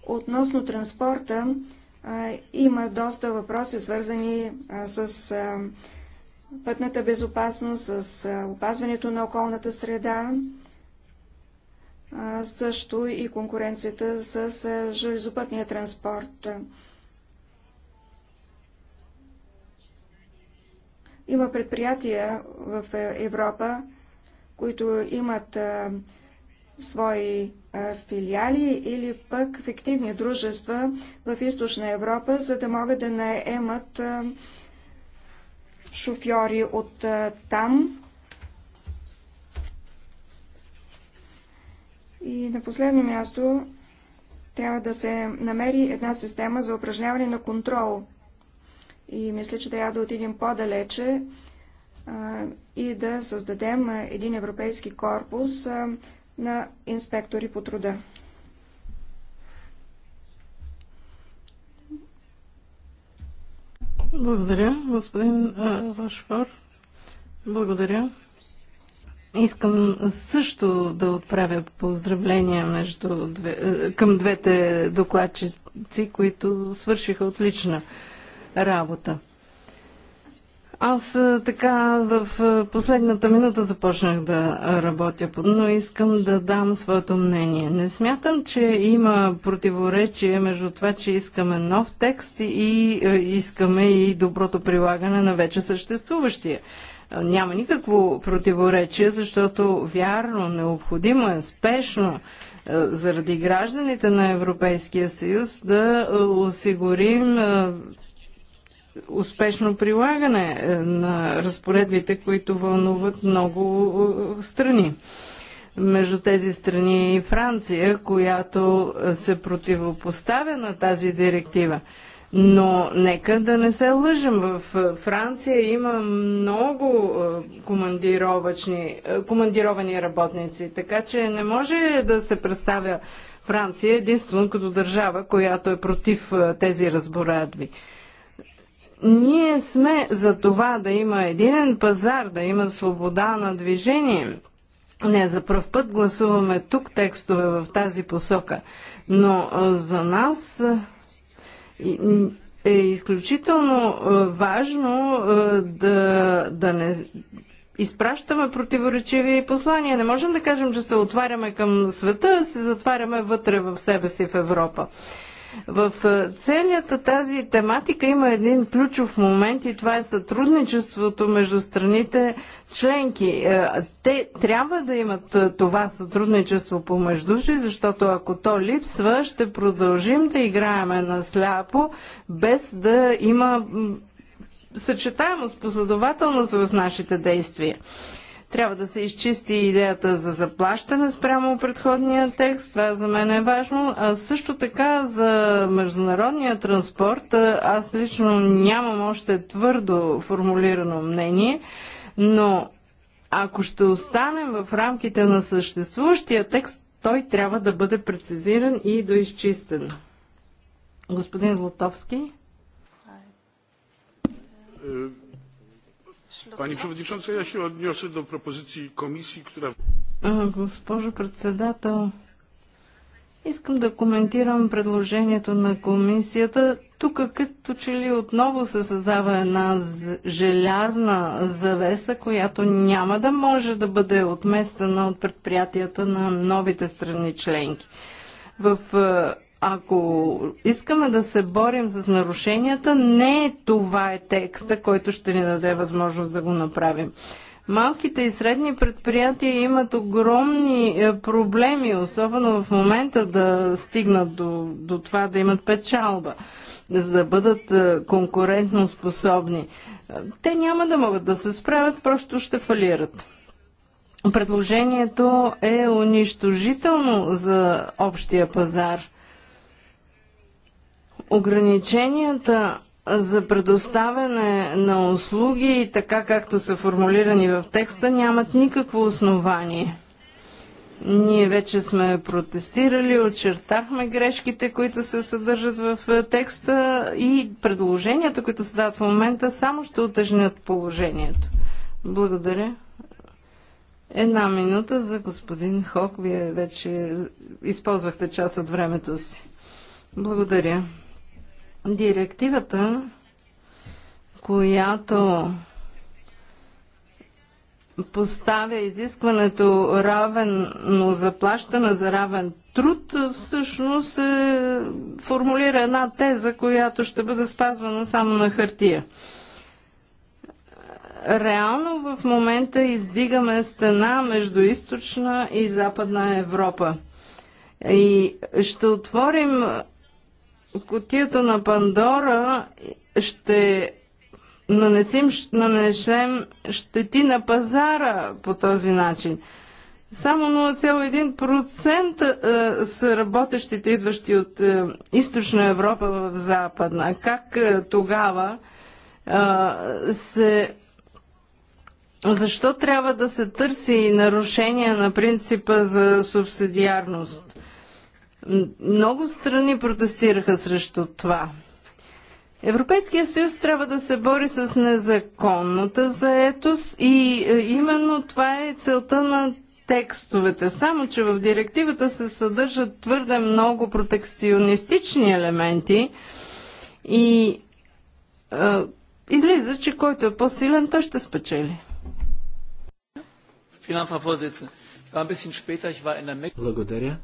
Относно транспорта, а, има доста въпроси, свързани а, с пътната безопасност, с опазването на околната среда също и конкуренцията с железопътния транспорт. Има предприятия в Европа, които имат свои филиали или пък фиктивни дружества в източна Европа, за да могат да наемат шофьори от там И на последно място трябва да се намери една система за упражняване на контрол. И мисля, че трябва да отидем по-далече и да създадем един европейски корпус на инспектори по труда. Благодаря, господин Вашфор. Благодаря. Искам също да отправя поздравления между две, е, към двете докладчици, които свършиха отлична работа. Аз е, така в е, последната минута започнах да работя, но искам да дам своето мнение. Не смятам, че има противоречие между това, че искаме нов текст и искаме и доброто прилагане на вече съществуващия няма никакво противоречие, защото вярно, необходимо е, спешно заради гражданите на Европейския съюз да осигурим успешно прилагане на разпоредбите, които вълнуват много страни. Между тези страни е и Франция, която се противопоставя на тази директива. Но нека да не се лъжим. В Франция има много е, командировачни, е, командировани работници, така че не може да се представя Франция единствено като държава, която е против е, тези разборадби. Ние сме за това да има един пазар, да има свобода на движение. Не, за пръв път гласуваме тук текстове в тази посока. Но за нас е изключително е, важно е, да, да не изпращаме противоречиви послания. Не можем да кажем, че се отваряме към света, а се затваряме вътре в себе си в Европа. В е, целията тази тематика има един ключов момент и това е сътрудничеството между страните членки. Е, те трябва да имат е, това сътрудничество помежду си, защото ако то липсва, ще продължим да играем на сляпо, без да има съчетаемост, последователност в нашите действия. Трябва да се изчисти идеята за заплащане спрямо предходния текст. Това за мен е важно. А също така за международния транспорт аз лично нямам още твърдо формулирано мнение, но ако ще останем в рамките на съществуващия текст, той трябва да бъде прецизиран и доизчистен. Господин Лотовски. Pani Przewodnicząca, ja się odniosę do propozycji komisji, która... Госпожо председател, искам да коментирам предложението на комисията. Тук като че ли отново се създава една желязна завеса, която няма да може да бъде отместена от предприятията на новите страни членки. В ако искаме да се борим с нарушенията, не е това е текста, който ще ни даде възможност да го направим. Малките и средни предприятия имат огромни е, проблеми, особено в момента да стигнат до, до това да имат печалба, за да бъдат е, конкурентно способни. Те няма да могат да се справят, просто ще фалират. Предложението е унищожително за общия пазар – Ограниченията за предоставяне на услуги, така както са формулирани в текста, нямат никакво основание. Ние вече сме протестирали, очертахме грешките, които се съдържат в е, текста и предложенията, които се дават в момента, само ще отъжнят положението. Благодаря. Една минута за господин Хок. Вие вече използвахте част от времето си. Благодаря. Директивата, която поставя изискването равенно заплащане за равен труд, всъщност е, формулира една теза, която ще бъде спазвана само на хартия. Реално в момента издигаме стена между източна и западна Европа. И ще отворим котията на Пандора ще нанесем, нанесем щети на пазара по този начин. Само 0,1% е, са работещите, идващи от е, източна Европа в западна. Как е, тогава се защо трябва да се търси нарушение на принципа за субсидиарност? Много страни протестираха срещу това. Европейския съюз трябва да се бори с незаконната заетост и е, именно това е целта на текстовете. Само, че в директивата се съдържат твърде много протекционистични елементи и е, излиза, че който е по-силен, той ще спечели. Благодаря.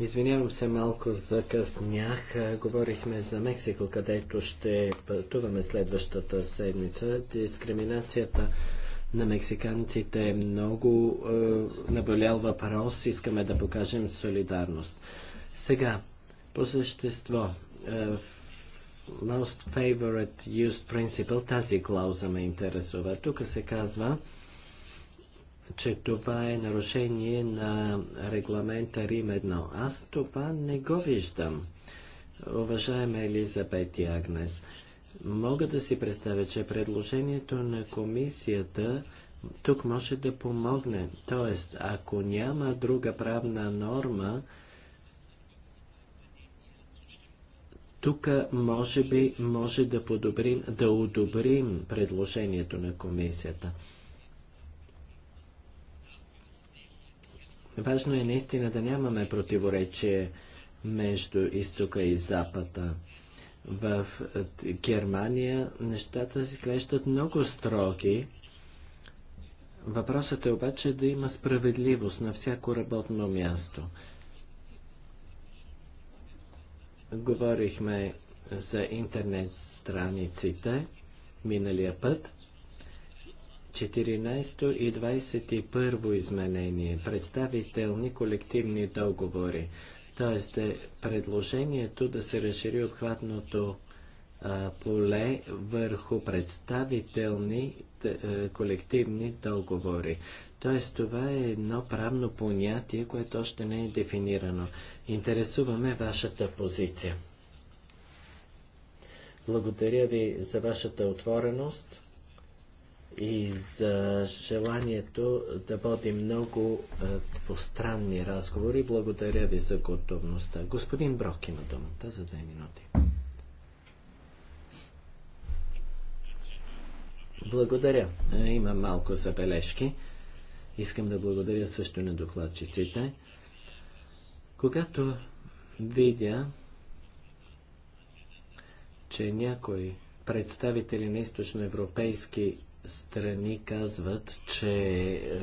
Извинявам се, малко закъснях. Говорихме за Мексико, където ще пътуваме следващата седмица. Дискриминацията на мексиканците е много е, наболял въпрос. Искаме да покажем солидарност. Сега, по същество, е, Most Favorite Used Principle, тази клауза ме интересува. Тук се казва, че това е нарушение на регламента Рим 1. Аз това не го виждам, уважаема Елизабет и Агнес. Мога да си представя, че предложението на комисията тук може да помогне. Тоест, ако няма друга правна норма, тук може би може да подобрим, да одобрим предложението на комисията. Важно е наистина да нямаме противоречие между изтока и запада. В е, Германия нещата се клещат много строги. Въпросът е обаче да има справедливост на всяко работно място. Говорихме за интернет страниците миналия път. 14 и 21 изменение. Представителни колективни договори. Тоест е предложението да се разшири обхватното а, поле върху представителни е, колективни договори. Тоест това е едно правно понятие, което още не е дефинирано. Интересуваме вашата позиция. Благодаря ви за вашата отвореност и за желанието да водим много е, двустранни разговори. Благодаря ви за готовността. Господин Брок има думата за две минути. Благодаря. Е, има малко забележки. Искам да благодаря също на докладчиците. Когато видя, че някой представители на източноевропейски страни казват, че е,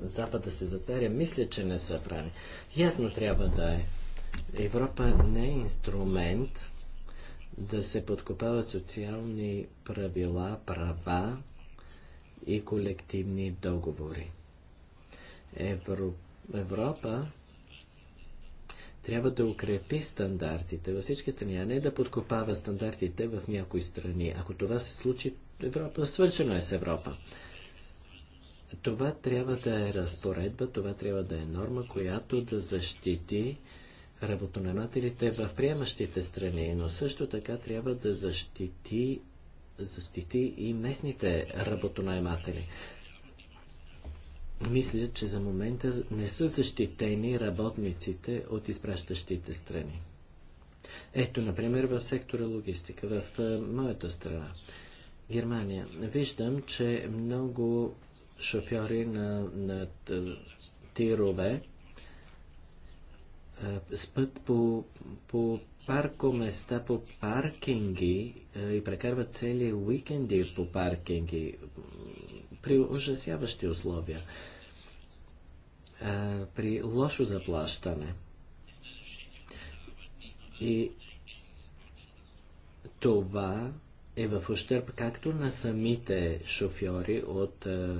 Запада се затваря, мисля, че не са прави. Ясно трябва да е. Европа не е инструмент да се подкопават социални правила, права и колективни договори. Евро... Европа трябва да укрепи стандартите във всички страни, а не да подкопава стандартите в някои страни. Ако това се случи, Европа, свършено е с Европа. Това трябва да е разпоредба, това трябва да е норма, която да защити работонаемателите в приемащите страни, но също така трябва да защити, защити и местните работонаематели. Мисля, че за момента не са защитени работниците от изпращащите страни. Ето, например, в сектора логистика, в моята страна. Германия. Виждам, че много шофьори на, на тирове спът по, по паркоместа, по паркинги и прекарват цели уикенди по паркинги при ужасяващи условия, при лошо заплащане. И това е в ущърп както на самите шофьори от е,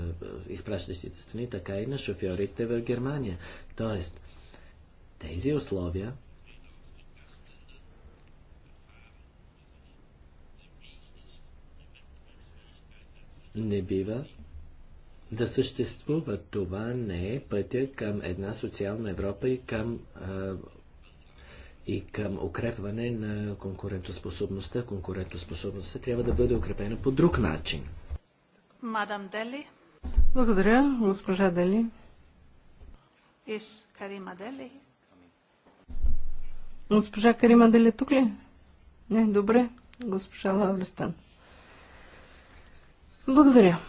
изпращащите страни, така и на шофьорите в Германия. Тоест, тези условия не бива да съществува. Това не е пътя към една социална Европа и към е, и към укрепване на конкурентоспособността. Конкурентоспособността трябва да бъде укрепена по друг начин. Мадам Дели. Благодаря, госпожа Дели. Из Карима Дели. Госпожа Карима Дели тук ли? Не, добре. Госпожа Лавлестан. Благодаря.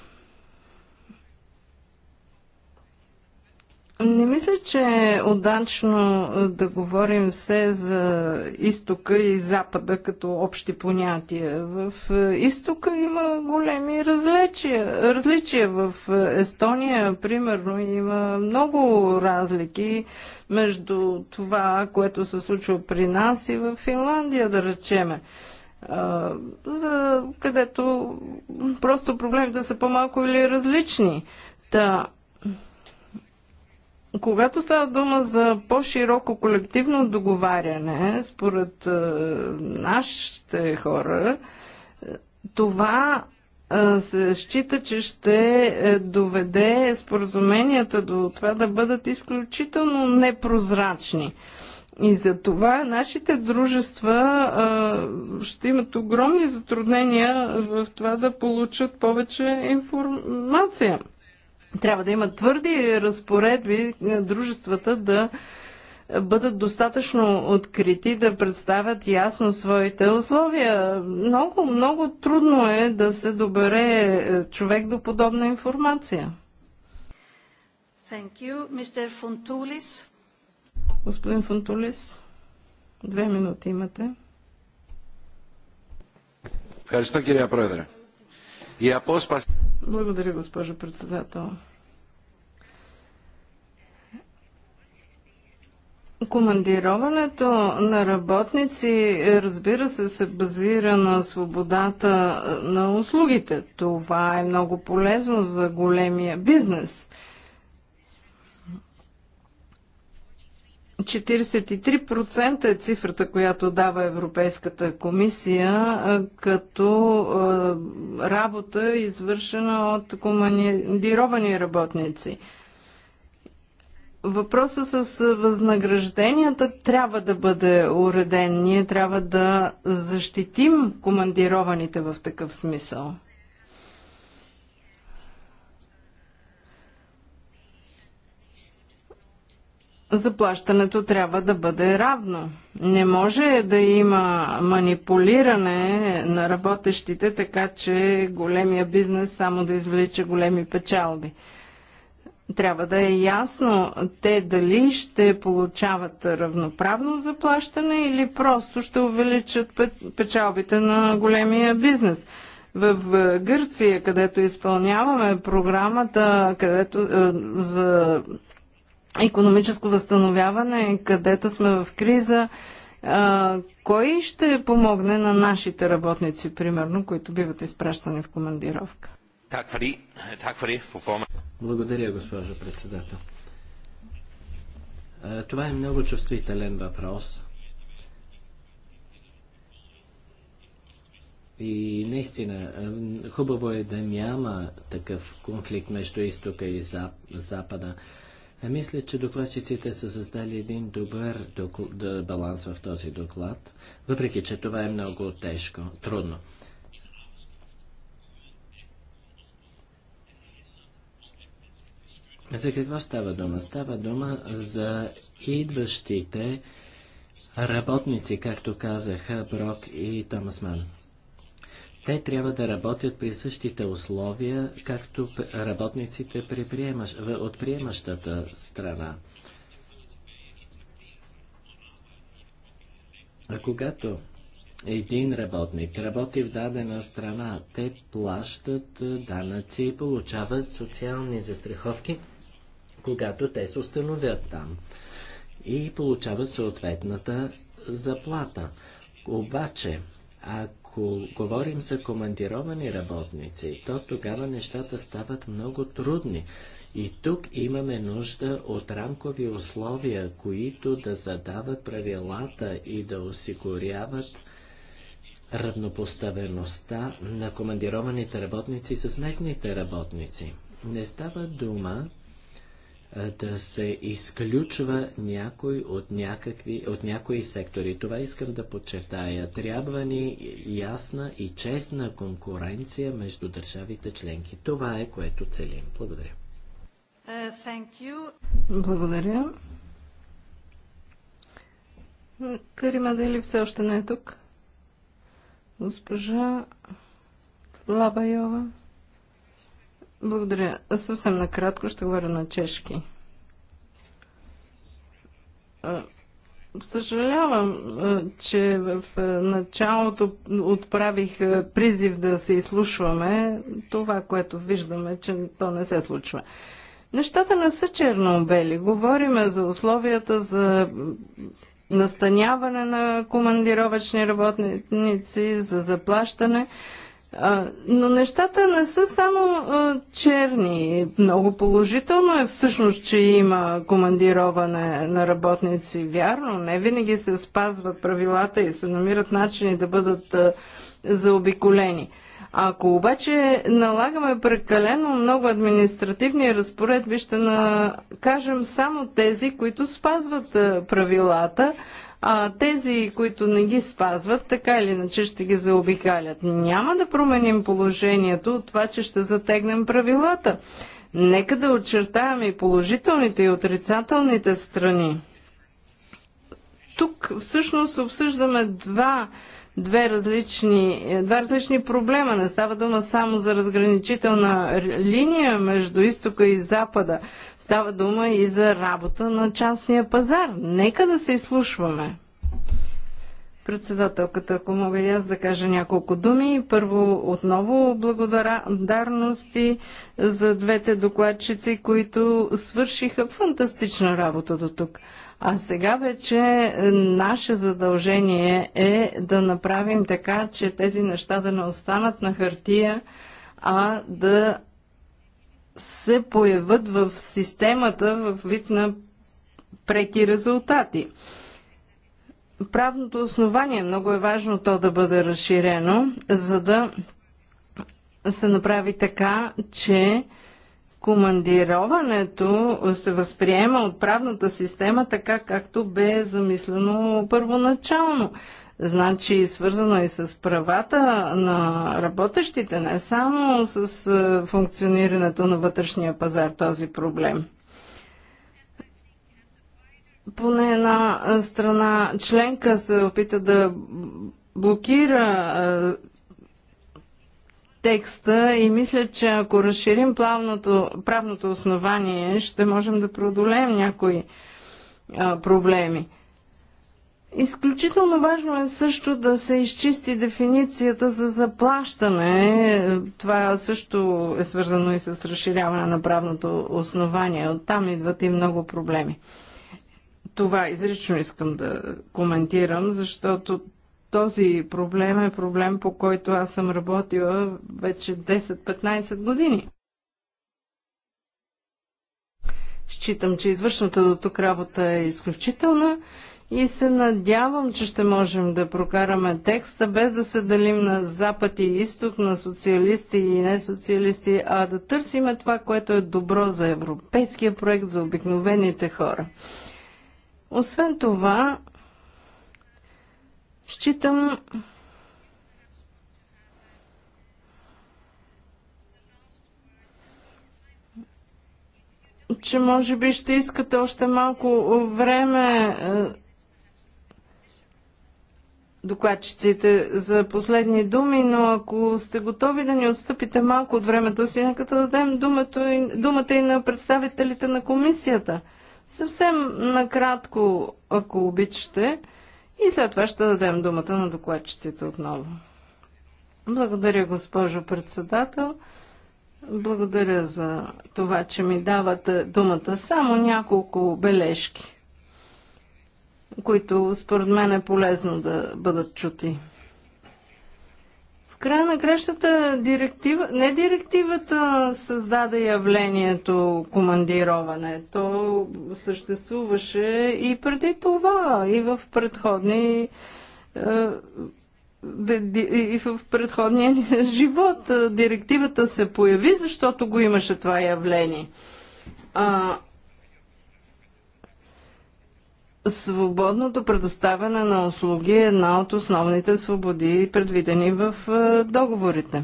Не мисля, че е удачно да говорим все за изтока и запада като общи понятия. В изтока има големи различия. различия. В Естония, примерно, има много разлики между това, което се случва при нас и в Финландия, да речеме за където просто проблемите са по-малко или различни. Та, когато става дума за по-широко колективно договаряне, според е, нашите хора, е, това е, се счита, че ще е, доведе споразуменията до това да бъдат изключително непрозрачни. И за това нашите дружества е, ще имат огромни затруднения в това да получат повече информация. Трябва да има твърди разпоредби е, дружествата да бъдат достатъчно открити да представят ясно своите условия. Много, много трудно е да се добере е, човек до подобна информация. Thank you. Mr. Фунтулис. Господин Фунтулис, две минути имате. Ευχαριστώ κυρία Πρόεδρε. Η απόσπαση... Благодаря, госпожо председател. Командироването на работници, разбира се, се базира на свободата на услугите. Това е много полезно за големия бизнес – 43% е цифрата, която дава Европейската комисия като работа, извършена от командировани работници. Въпросът с възнагражденията трябва да бъде уреден. Ние трябва да защитим командированите в такъв смисъл. заплащането трябва да бъде равно. Не може да има манипулиране на работещите, така че големия бизнес само да извлича големи печалби. Трябва да е ясно те дали ще получават равноправно заплащане или просто ще увеличат печалбите на големия бизнес в Гърция, където изпълняваме програмата където, е, за економическо възстановяване, където сме в криза, а, кой ще помогне на нашите работници, примерно, които биват изпращани в командировка? Благодаря, госпожо председател. Това е много чувствителен въпрос. И наистина, хубаво е да няма такъв конфликт между изтока и запада. Е, мисля, че докладчиците са създали един добър баланс в този доклад, въпреки че това е много тежко, трудно. За какво става дума? Става дума за идващите работници, както казаха Брок и Томас те трябва да работят при същите условия, както работниците при приемаш, от приемащата страна. А когато един работник работи в дадена страна, те плащат данъци и получават социални застраховки, когато те се установят там и получават съответната заплата. Обаче, ако ако говорим за командировани работници, то тогава нещата стават много трудни. И тук имаме нужда от рамкови условия, които да задават правилата и да осигуряват равнопоставеността на командированите работници с местните работници. Не става дума да се изключва някой от, някакви, от някои сектори. Това искам да подчертая. Трябва ни ясна и честна конкуренция между държавите членки. Това е което целим. Благодаря. Uh, Благодаря. Карима Дели все още не е тук. Госпожа Лабайова. Благодаря. Съвсем накратко ще говоря на чешки. Съжалявам, че в началото отправих призив да се изслушваме. Това, което виждаме, че то не се случва. Нещата не са черно-бели. Говориме за условията за настаняване на командировачни работници, за заплащане. Но нещата не са само черни. Много положително е всъщност, че има командироване на работници. Вярно, не винаги се спазват правилата и се намират начини да бъдат заобиколени. Ако обаче налагаме прекалено много административни разпоредби, ще накажем само тези, които спазват правилата, а тези, които не ги спазват, така или иначе ще ги заобикалят. Няма да променим положението от това, че ще затегнем правилата. Нека да очертаем и положителните и отрицателните страни. Тук всъщност обсъждаме два две различни, е, два различни проблема. Не става дума само за разграничителна линия между изтока и запада. Става дума и за работа на частния пазар. Нека да се изслушваме. Председателката, ако мога и аз да кажа няколко думи. Първо отново благодарности за двете докладчици, които свършиха фантастична работа до тук. А сега вече е, наше задължение е да направим така, че тези неща да не останат на хартия, а да се появят в системата в вид на преки резултати. Правното основание много е важно то да бъде разширено, за да се направи така, че командироването се възприема от правната система така, както бе замислено първоначално. Значи, свързано е и с правата на работещите, не само с е, функционирането на вътрешния пазар този проблем поне една страна членка се опита да блокира е, текста и мисля, че ако разширим плавното, правното основание, ще можем да преодолеем някои а, проблеми. Изключително важно е също да се изчисти дефиницията за заплащане. Това също е свързано и с разширяване на правното основание. Оттам идват и много проблеми. Това изрично искам да коментирам, защото този проблем е проблем, по който аз съм работила вече 10-15 години. Считам, че извършната до тук работа е изключителна и се надявам, че ще можем да прокараме текста, без да се делим на запад и изток, на социалисти и несоциалисти, а да търсиме това, което е добро за европейския проект, за обикновените хора. Освен това, Считам, че може би ще искате още малко време е, докладчиците за последни думи, но ако сте готови да ни отстъпите малко от времето си, нека да дадем думата, думата и на представителите на комисията. Съвсем накратко, ако обичате. И след това ще дадем думата на докладчиците отново. Благодаря, госпожо председател. Благодаря за това, че ми давате думата. Само няколко бележки, които според мен е полезно да бъдат чути края на кращата директива, не директивата създаде явлението командироване. То съществуваше и преди това, и в предходни е, и в предходния живот директивата се появи, защото го имаше това явление. А, Свободното предоставяне на услуги е една от основните свободи, предвидени в е, договорите.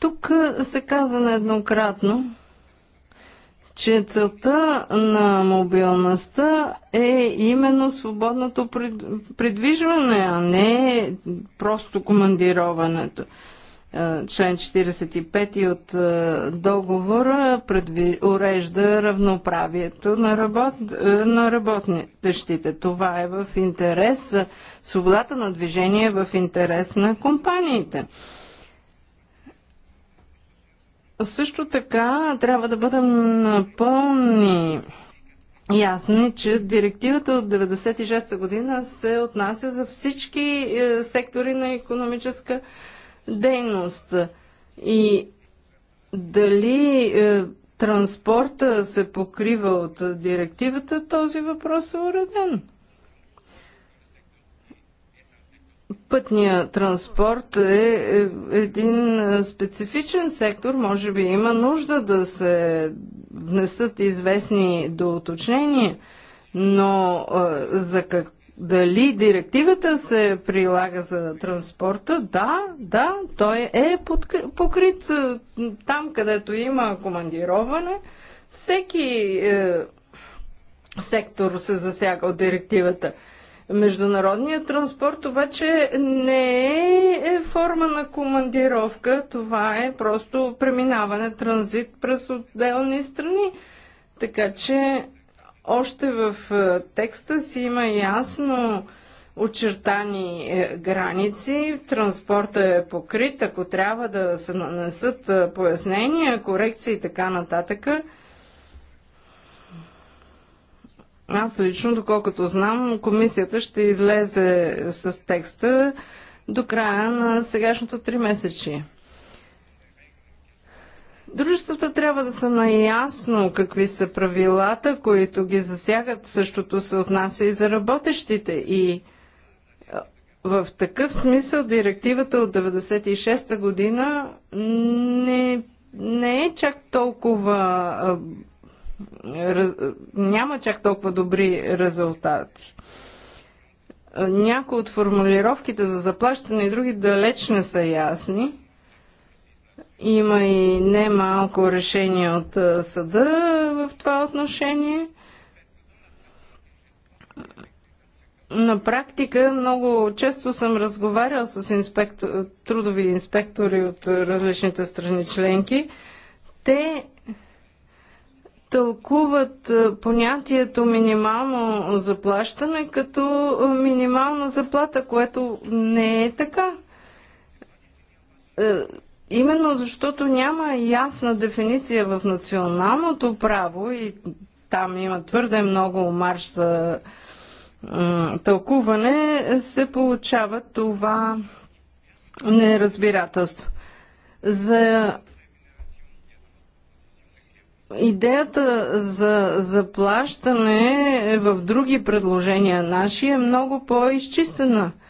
Тук е, се каза нееднократно, че целта на мобилността е именно свободното придвижване, а не просто командироването. Е, член 45 от е, договора урежда равноправието на, работ... Е, на работнищите. Това е в интерес, свободата на движение е в интерес на компаниите. Също така трябва да бъдем напълни ясни, че директивата от 96 година се отнася за всички сектори на економическа дейност. И дали е, транспорта се покрива от директивата, този въпрос е уреден. Пътният транспорт е, е един специфичен сектор, може би има нужда да се внесат известни доуточнения, но е, за какво дали директивата се прилага за транспорта? Да, да, той е покрит е, там, където има командироване. Всеки е, сектор се засяга от директивата. Международният транспорт обаче не е форма на командировка, това е просто преминаване, транзит през отделни страни. Така че още в е, текста си има ясно очертани е, граници, транспорта е покрит, ако трябва да се нанесат е, пояснения, корекции и така нататък. Аз лично, доколкото знам, комисията ще излезе с текста до края на сегашното три месечи. Дружествата трябва да са наясно какви са правилата, които ги засягат. Същото се отнася и за работещите. И е, в такъв смисъл директивата от 96-та година не, не е чак толкова. Е, е, раз, няма чак толкова добри резултати. Някои от формулировките за заплащане и други далеч не са ясни. Има и немалко решение от съда в това отношение. На практика много често съм разговарял с инспектор, трудови инспектори от различните страни членки. Те тълкуват понятието минимално заплащане като минимална заплата, което не е така. Именно защото няма ясна дефиниция в националното право и там има твърде много марш за тълкуване, се получава това неразбирателство. За идеята за заплащане в други предложения наши е много по-изчистена –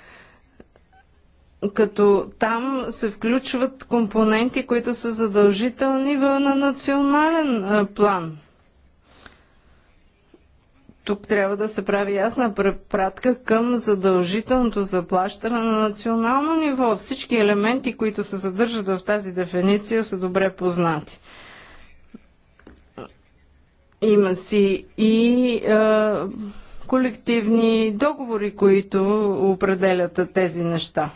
като там се включват компоненти, които са задължителни на национален план. Тук трябва да се прави ясна препратка към задължителното заплащане на национално ниво. Всички елементи, които се задържат в тази дефиниция, са добре познати. Има си и е, колективни договори, които определят тези неща.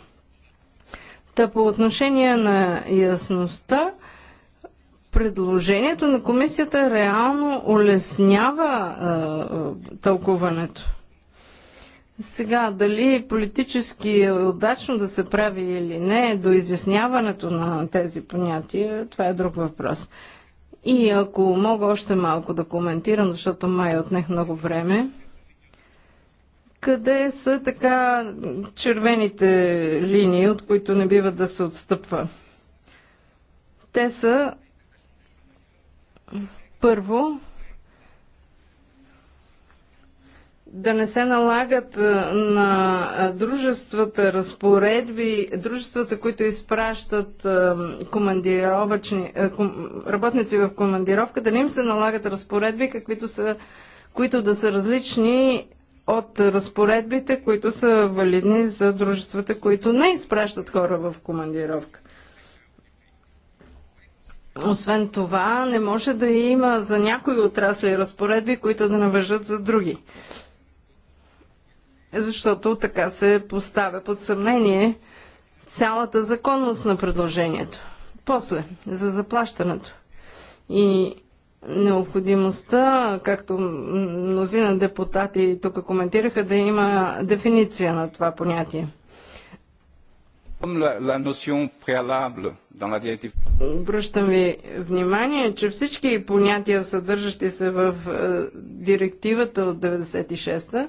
Та по отношение на ясността, предложението на комисията реално улеснява а, тълкуването. Сега, дали политически е удачно да се прави или не до изясняването на тези понятия, това е друг въпрос. И ако мога още малко да коментирам, защото май отнех много време, къде са така червените линии, от които не бива да се отстъпва. Те са първо да не се налагат на дружествата разпоредби, дружествата, които изпращат командировачни, работници в командировка, да не им се налагат разпоредби, каквито са, които да са различни от разпоредбите, които са валидни за дружествата, които не изпращат хора в командировка. Освен това, не може да има за някои отрасли разпоредби, които да навържат за други. Защото така се поставя под съмнение цялата законност на предложението. После, за заплащането и необходимостта, както мнозина депутати тук коментираха, да има дефиниция на това понятие. Обръщам ви внимание, че всички понятия, съдържащи се в е, директивата от 96-та,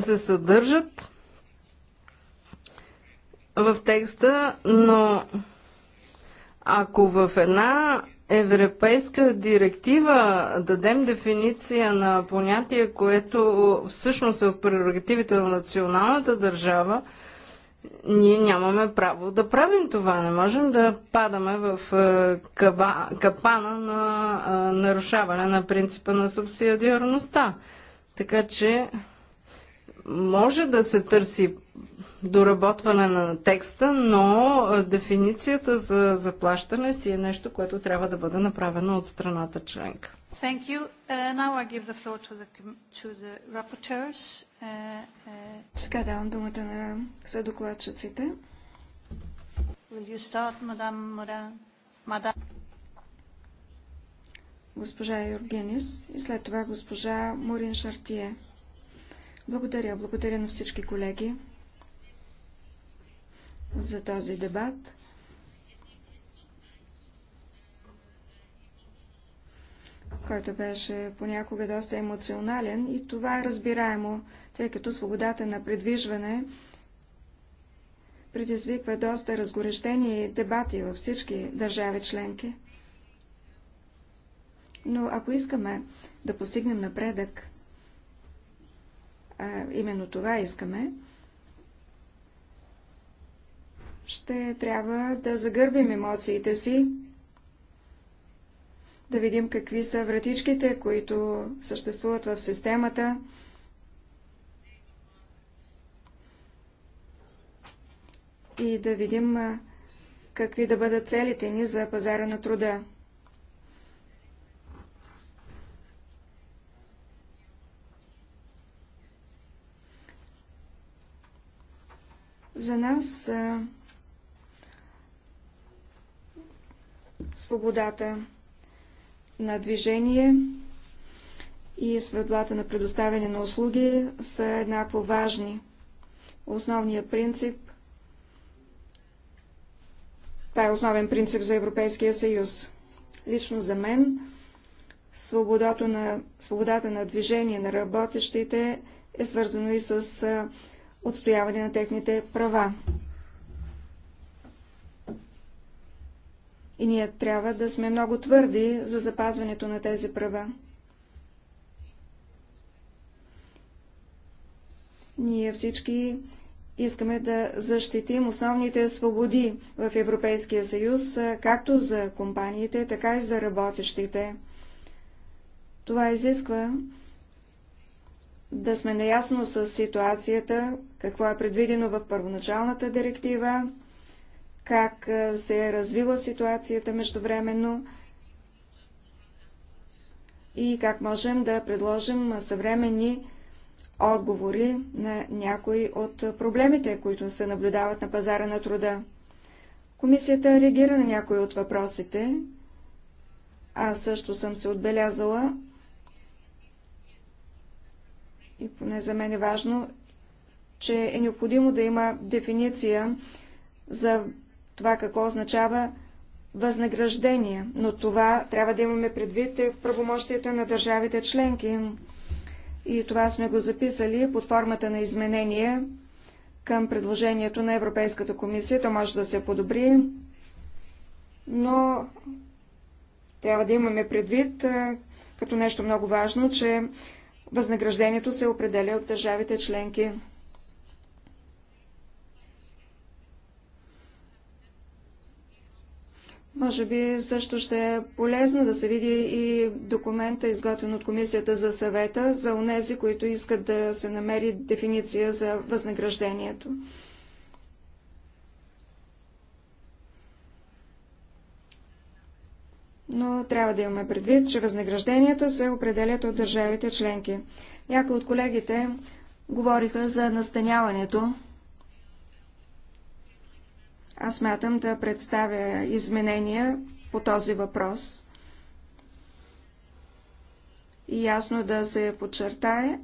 се съдържат в текста, но ако в една европейска директива дадем дефиниция на понятие, което всъщност е от прерогативите на националната държава, ние нямаме право да правим това. Не можем да падаме в е, каба, капана на а, е, нарушаване на принципа на субсидиарността. Така че може да се търси доработване на текста, но дефиницията за заплащане си е нещо, което трябва да бъде направено от страната членка. Thank you. Uh, now I give the floor to the, to the rapporteurs. Uh, uh... Сега давам думата на съдокладчиците. Will you start, Госпожа Йоргенис и след това госпожа Морин Шартие. Благодаря, благодаря на всички колеги за този дебат. който беше понякога доста емоционален и това е разбираемо, тъй като свободата на предвижване предизвиква доста разгорещени дебати във всички държави членки. Но ако искаме да постигнем напредък, а именно това искаме, ще трябва да загърбим емоциите си, да видим какви са вратичките, които съществуват в системата, и да видим какви да бъдат целите ни за пазара на труда. За нас свободата на движение и свободата на предоставяне на услуги са еднакво важни. Основният принцип това е основен принцип за Европейския съюз. Лично за мен свободата на, свободата на движение на работещите е свързано и с отстояване на техните права. И ние трябва да сме много твърди за запазването на тези права. Ние всички искаме да защитим основните свободи в Европейския съюз, както за компаниите, така и за работещите. Това изисква да сме наясно с ситуацията, какво е предвидено в първоначалната директива, как се е развила ситуацията междувременно и как можем да предложим съвременни отговори на някои от проблемите, които се наблюдават на пазара на труда. Комисията реагира на някои от въпросите. Аз също съм се отбелязала и поне за мен е важно, че е необходимо да има дефиниция за това какво означава възнаграждение, но това трябва да имаме предвид в правомощията на държавите членки. И това сме го записали под формата на изменение към предложението на Европейската комисия. То може да се подобри, но трябва да имаме предвид е, като нещо много важно, че възнаграждението се определя от държавите членки. Може би също ще е полезно да се види и документа, изготвен от Комисията за съвета, за унези, които искат да се намери дефиниция за възнаграждението. но трябва да имаме предвид, че възнагражденията се определят от държавите членки. Някои от колегите говориха за настаняването. Аз мятам да представя изменения по този въпрос. И ясно да се подчертае,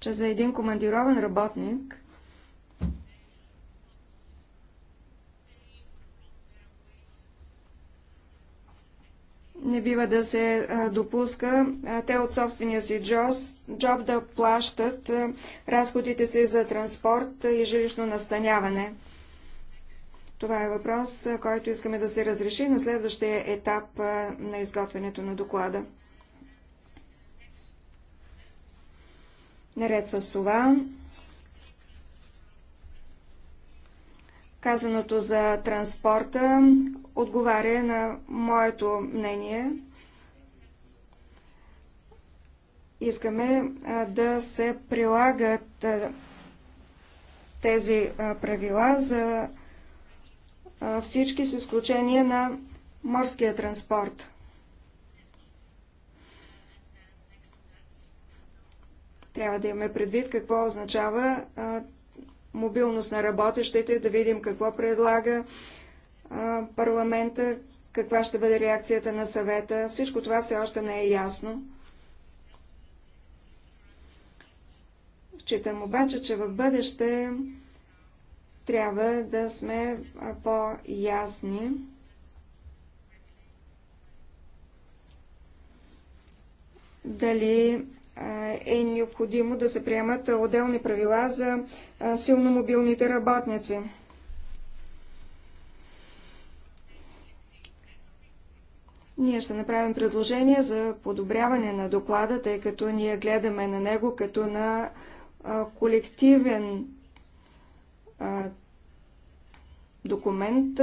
че за един командирован работник не бива да се допуска те от собствения си джоб да плащат разходите си за транспорт и жилищно настаняване. Това е въпрос, който искаме да се разреши на следващия етап на изготвянето на доклада. Наред с това, казаното за транспорта отговаря на моето мнение. Искаме да се прилагат тези правила за всички с изключение на морския транспорт. Трябва да имаме предвид какво означава мобилност на работещите, да видим какво предлага парламента, каква ще бъде реакцията на съвета. Всичко това все още не е ясно. Читам обаче, че в бъдеще трябва да сме по-ясни. Дали е необходимо да се приемат отделни правила за силно мобилните работници. Ние ще направим предложение за подобряване на доклада, тъй като ние гледаме на него като на а, колективен а, документ.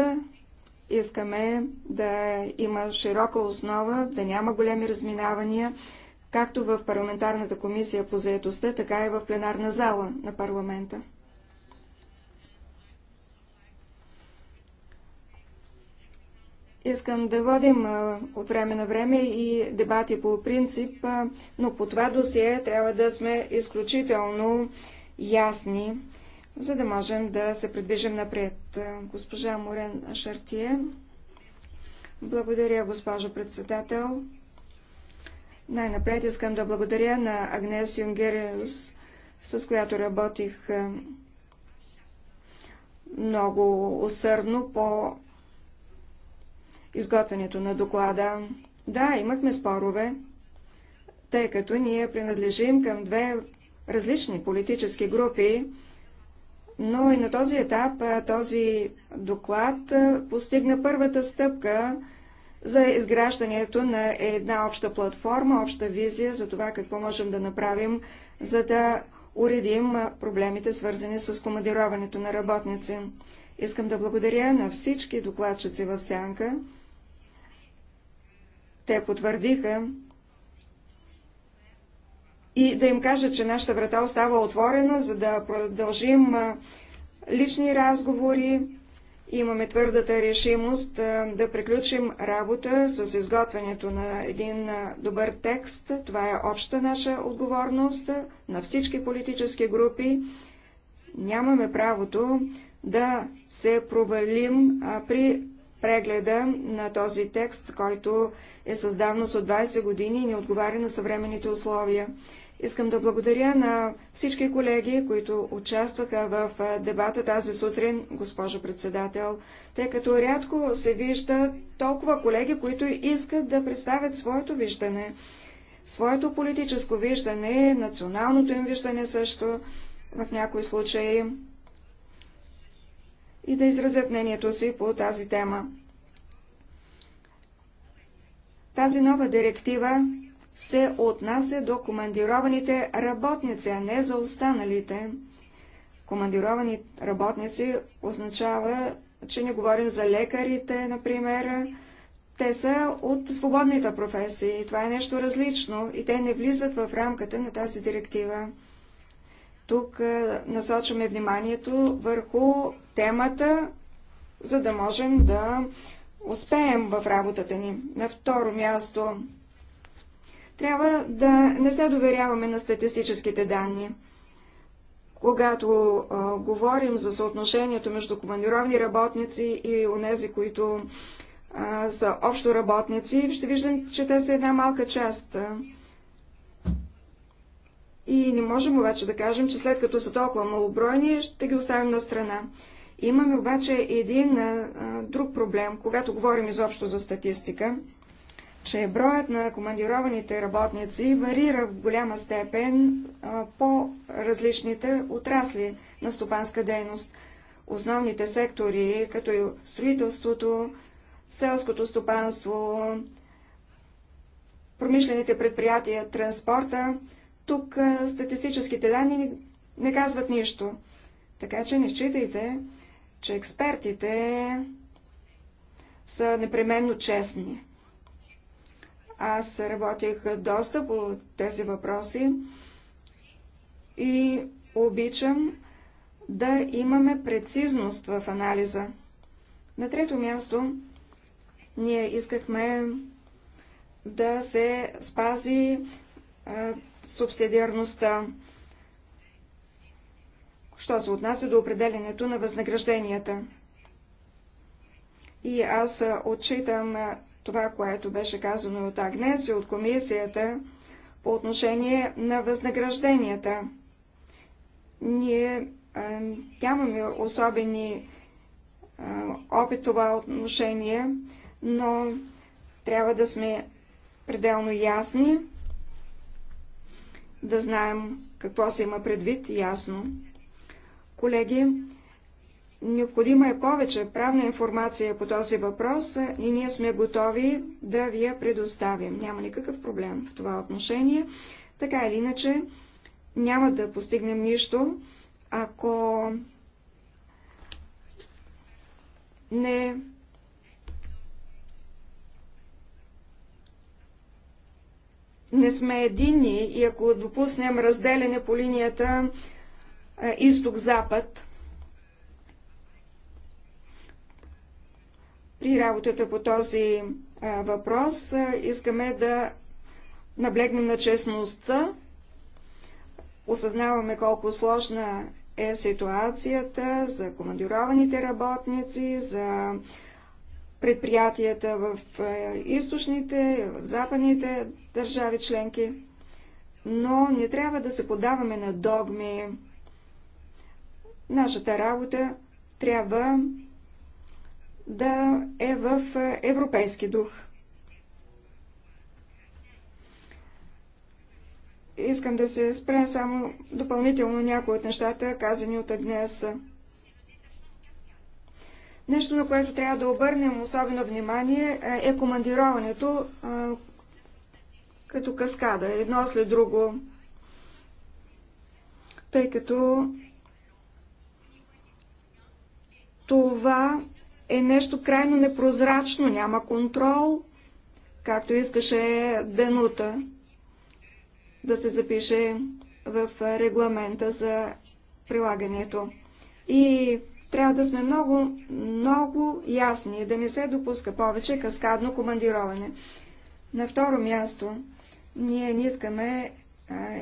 Искаме да има широка основа, да няма големи разминавания, както в парламентарната комисия по заедостта, така и в пленарна зала на парламента. Искам да водим от време на време и дебати по принцип, но по това досие трябва да сме изключително ясни, за да можем да се придвижим напред. Госпожа Морен Шартие. Благодаря, госпожо председател. Най-напред искам да благодаря на Агнес Юнгериус, с която работих много усърдно по изготвянето на доклада. Да, имахме спорове, тъй като ние принадлежим към две различни политически групи, но и на този етап този доклад постигна първата стъпка за изграждането на една обща платформа, обща визия за това какво можем да направим, за да уредим проблемите, свързани с командироването на работници. Искам да благодаря на всички докладчици в Сянка те потвърдиха и да им кажа, че нашата врата остава отворена, за да продължим лични разговори. Имаме твърдата решимост да приключим работа с изготвянето на един добър текст. Това е обща наша отговорност на всички политически групи. Нямаме правото да се провалим при прегледа на този текст, който е създаван с от 20 години и не отговаря на съвременните условия. Искам да благодаря на всички колеги, които участваха в дебата тази сутрин, госпожо председател, тъй като рядко се вижда толкова колеги, които искат да представят своето виждане, своето политическо виждане, националното им виждане също в някои случаи и да изразят мнението си по тази тема. Тази нова директива се отнася до командированите работници, а не за останалите. Командировани работници означава, че не говорим за лекарите, например. Те са от свободните професии. Това е нещо различно и те не влизат в рамката на тази директива. Тук насочваме вниманието върху темата, за да можем да успеем в работата ни. На второ място трябва да не се доверяваме на статистическите данни. Когато а, говорим за съотношението между командировни работници и онези, които а, са общо работници, ще виждам, че те са една малка част. И не можем обаче да кажем, че след като са толкова малобройни, ще ги оставим на страна. Имаме обаче един а, друг проблем, когато говорим изобщо за статистика, че броят на командированите работници варира в голяма степен а, по различните отрасли на стопанска дейност. Основните сектори, като и строителството, селското стопанство, промишлените предприятия, транспорта, тук статистическите данни не, казват нищо. Така че не считайте, че експертите са непременно честни. Аз работих доста по тези въпроси и обичам да имаме прецизност в анализа. На трето място ние искахме да се спази субсидиарността. Що се отнася до определенето на възнагражденията. И аз отчитам това, което беше казано от Агнес и от комисията по отношение на възнагражденията. Ние нямаме особени опит това отношение, но трябва да сме пределно ясни да знаем какво се има предвид ясно. Колеги, необходима е повече правна информация по този въпрос и ние сме готови да ви я предоставим. Няма никакъв проблем в това отношение. Така или иначе, няма да постигнем нищо, ако не не сме единни и ако допуснем разделяне по линията е, изток-запад, при работата по този е, въпрос е, искаме да наблегнем на честността. Осъзнаваме колко сложна е ситуацията за командированите работници, за предприятията в е, източните, в западните държави членки. Но не трябва да се подаваме на догми. Нашата работа трябва да е в европейски дух. Искам да се спрем само допълнително някои от нещата, казани от Агнеса. Нещо, на което трябва да обърнем особено внимание, е, е командироването като каскада, едно след друго, тъй като това е нещо крайно непрозрачно, няма контрол, както искаше Денута да се запише в регламента за прилагането. И трябва да сме много, много ясни и да не се допуска повече каскадно командироване. На второ място, ние не искаме а,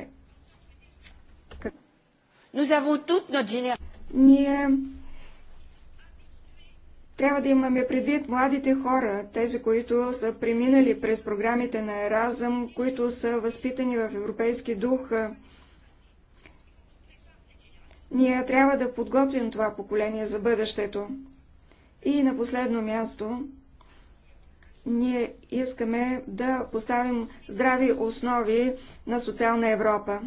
как... Ние трябва да имаме предвид младите хора, тези, които са преминали през програмите на Еразъм, които са възпитани в европейски дух. Ние трябва да подготвим това поколение за бъдещето. И на последно място, ние искаме да поставим здрави основи на социална Европа.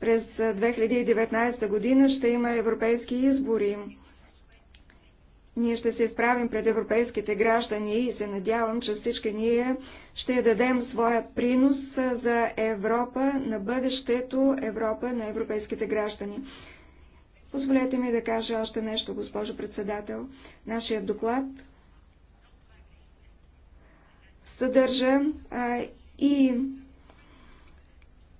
През 2019 година ще има европейски избори. Ние ще се изправим пред европейските граждани и се надявам, че всички ние ще дадем своя принос за Европа на бъдещето, Европа на европейските граждани. Позволете ми да кажа още нещо, госпожо председател. Нашият доклад съдържа а, и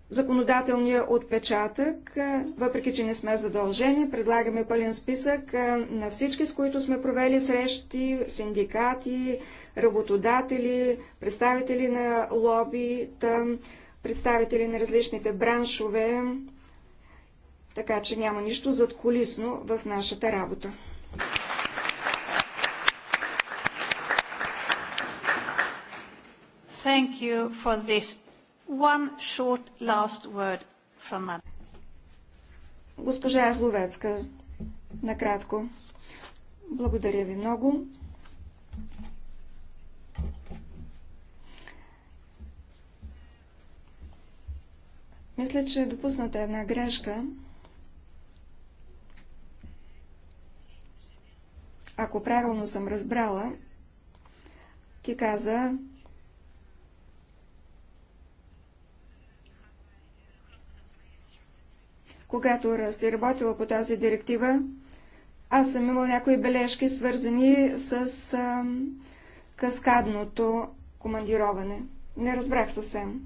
законодателния отпечатък, а, въпреки че не сме задължени, предлагаме пълен списък а, на всички, с които сме провели срещи, синдикати, работодатели, представители на лобита, представители на различните браншове, така че няма нищо зад колисно в нашата работа. Thank you for this. One short last word from Госпожа зловецка накратко. Благодаря ви много. Мисля, че е допусната една грешка. ако правилно съм разбрала, ти каза, когато си работила по тази директива, аз съм имал някои бележки, свързани с а, каскадното командироване. Не разбрах съвсем.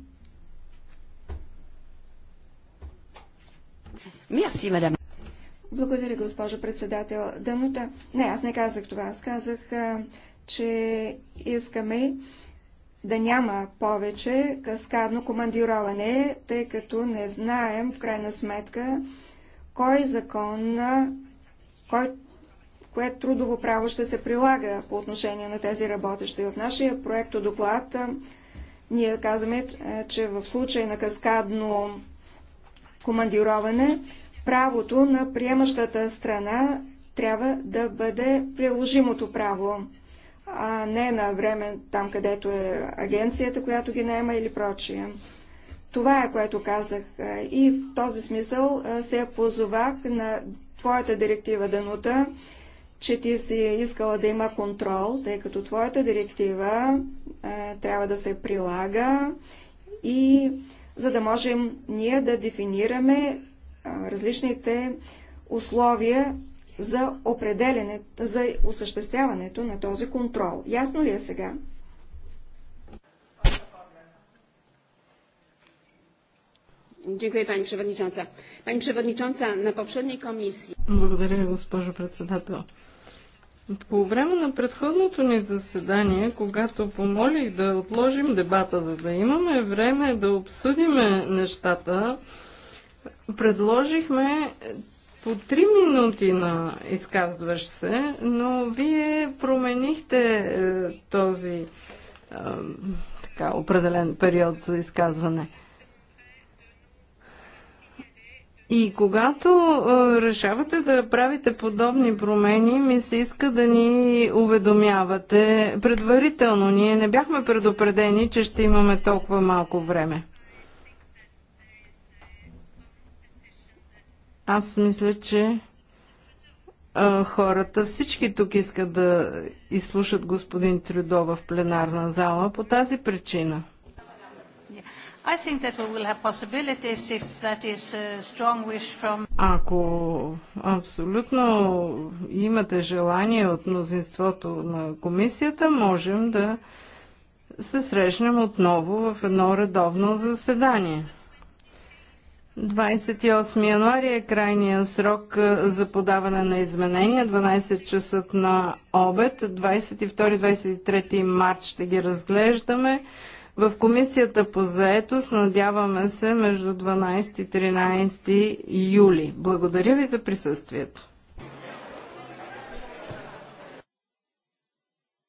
Мерси, мадам. Благодаря, госпожа председател. Дъното... Не, аз не казах това. Аз казах, че искаме да няма повече каскадно командироване, тъй като не знаем в крайна сметка кой закон, кой, кое трудово право ще се прилага по отношение на тези работещи. В нашия проекто доклад ние казваме, че в случай на каскадно командироване правото на приемащата страна трябва да бъде приложимото право, а не на време там, където е агенцията, която ги наема или прочие. Това е, което казах. И в този смисъл се позовах на твоята директива Данута, че ти си искала да има контрол, тъй като твоята директива е, трябва да се прилага и за да можем ние да дефинираме различните условия за определене, за осъществяването на този контрол. Ясно ли е сега? Благодаря, госпожо председател. По време на предходното ни заседание, когато помолих да отложим дебата, за да имаме време да обсъдим нещата, предложихме по три минути на изказващ се, но вие променихте е, този е, така, определен период за изказване. И когато е, решавате да правите подобни промени, ми се иска да ни уведомявате предварително. Ние не бяхме предупредени, че ще имаме толкова малко време. Аз мисля, че а, хората, всички тук искат да изслушат господин Трюдо в пленарна зала по тази причина. Ако абсолютно имате желание от мнозинството на комисията, можем да се срещнем отново в едно редовно заседание. 28 януари е крайния срок е, за подаване на изменения, 12 часа на обед. 22-23 март ще ги разглеждаме. В комисията по заетост надяваме се между 12 и 13 юли. Благодаря ви за присъствието.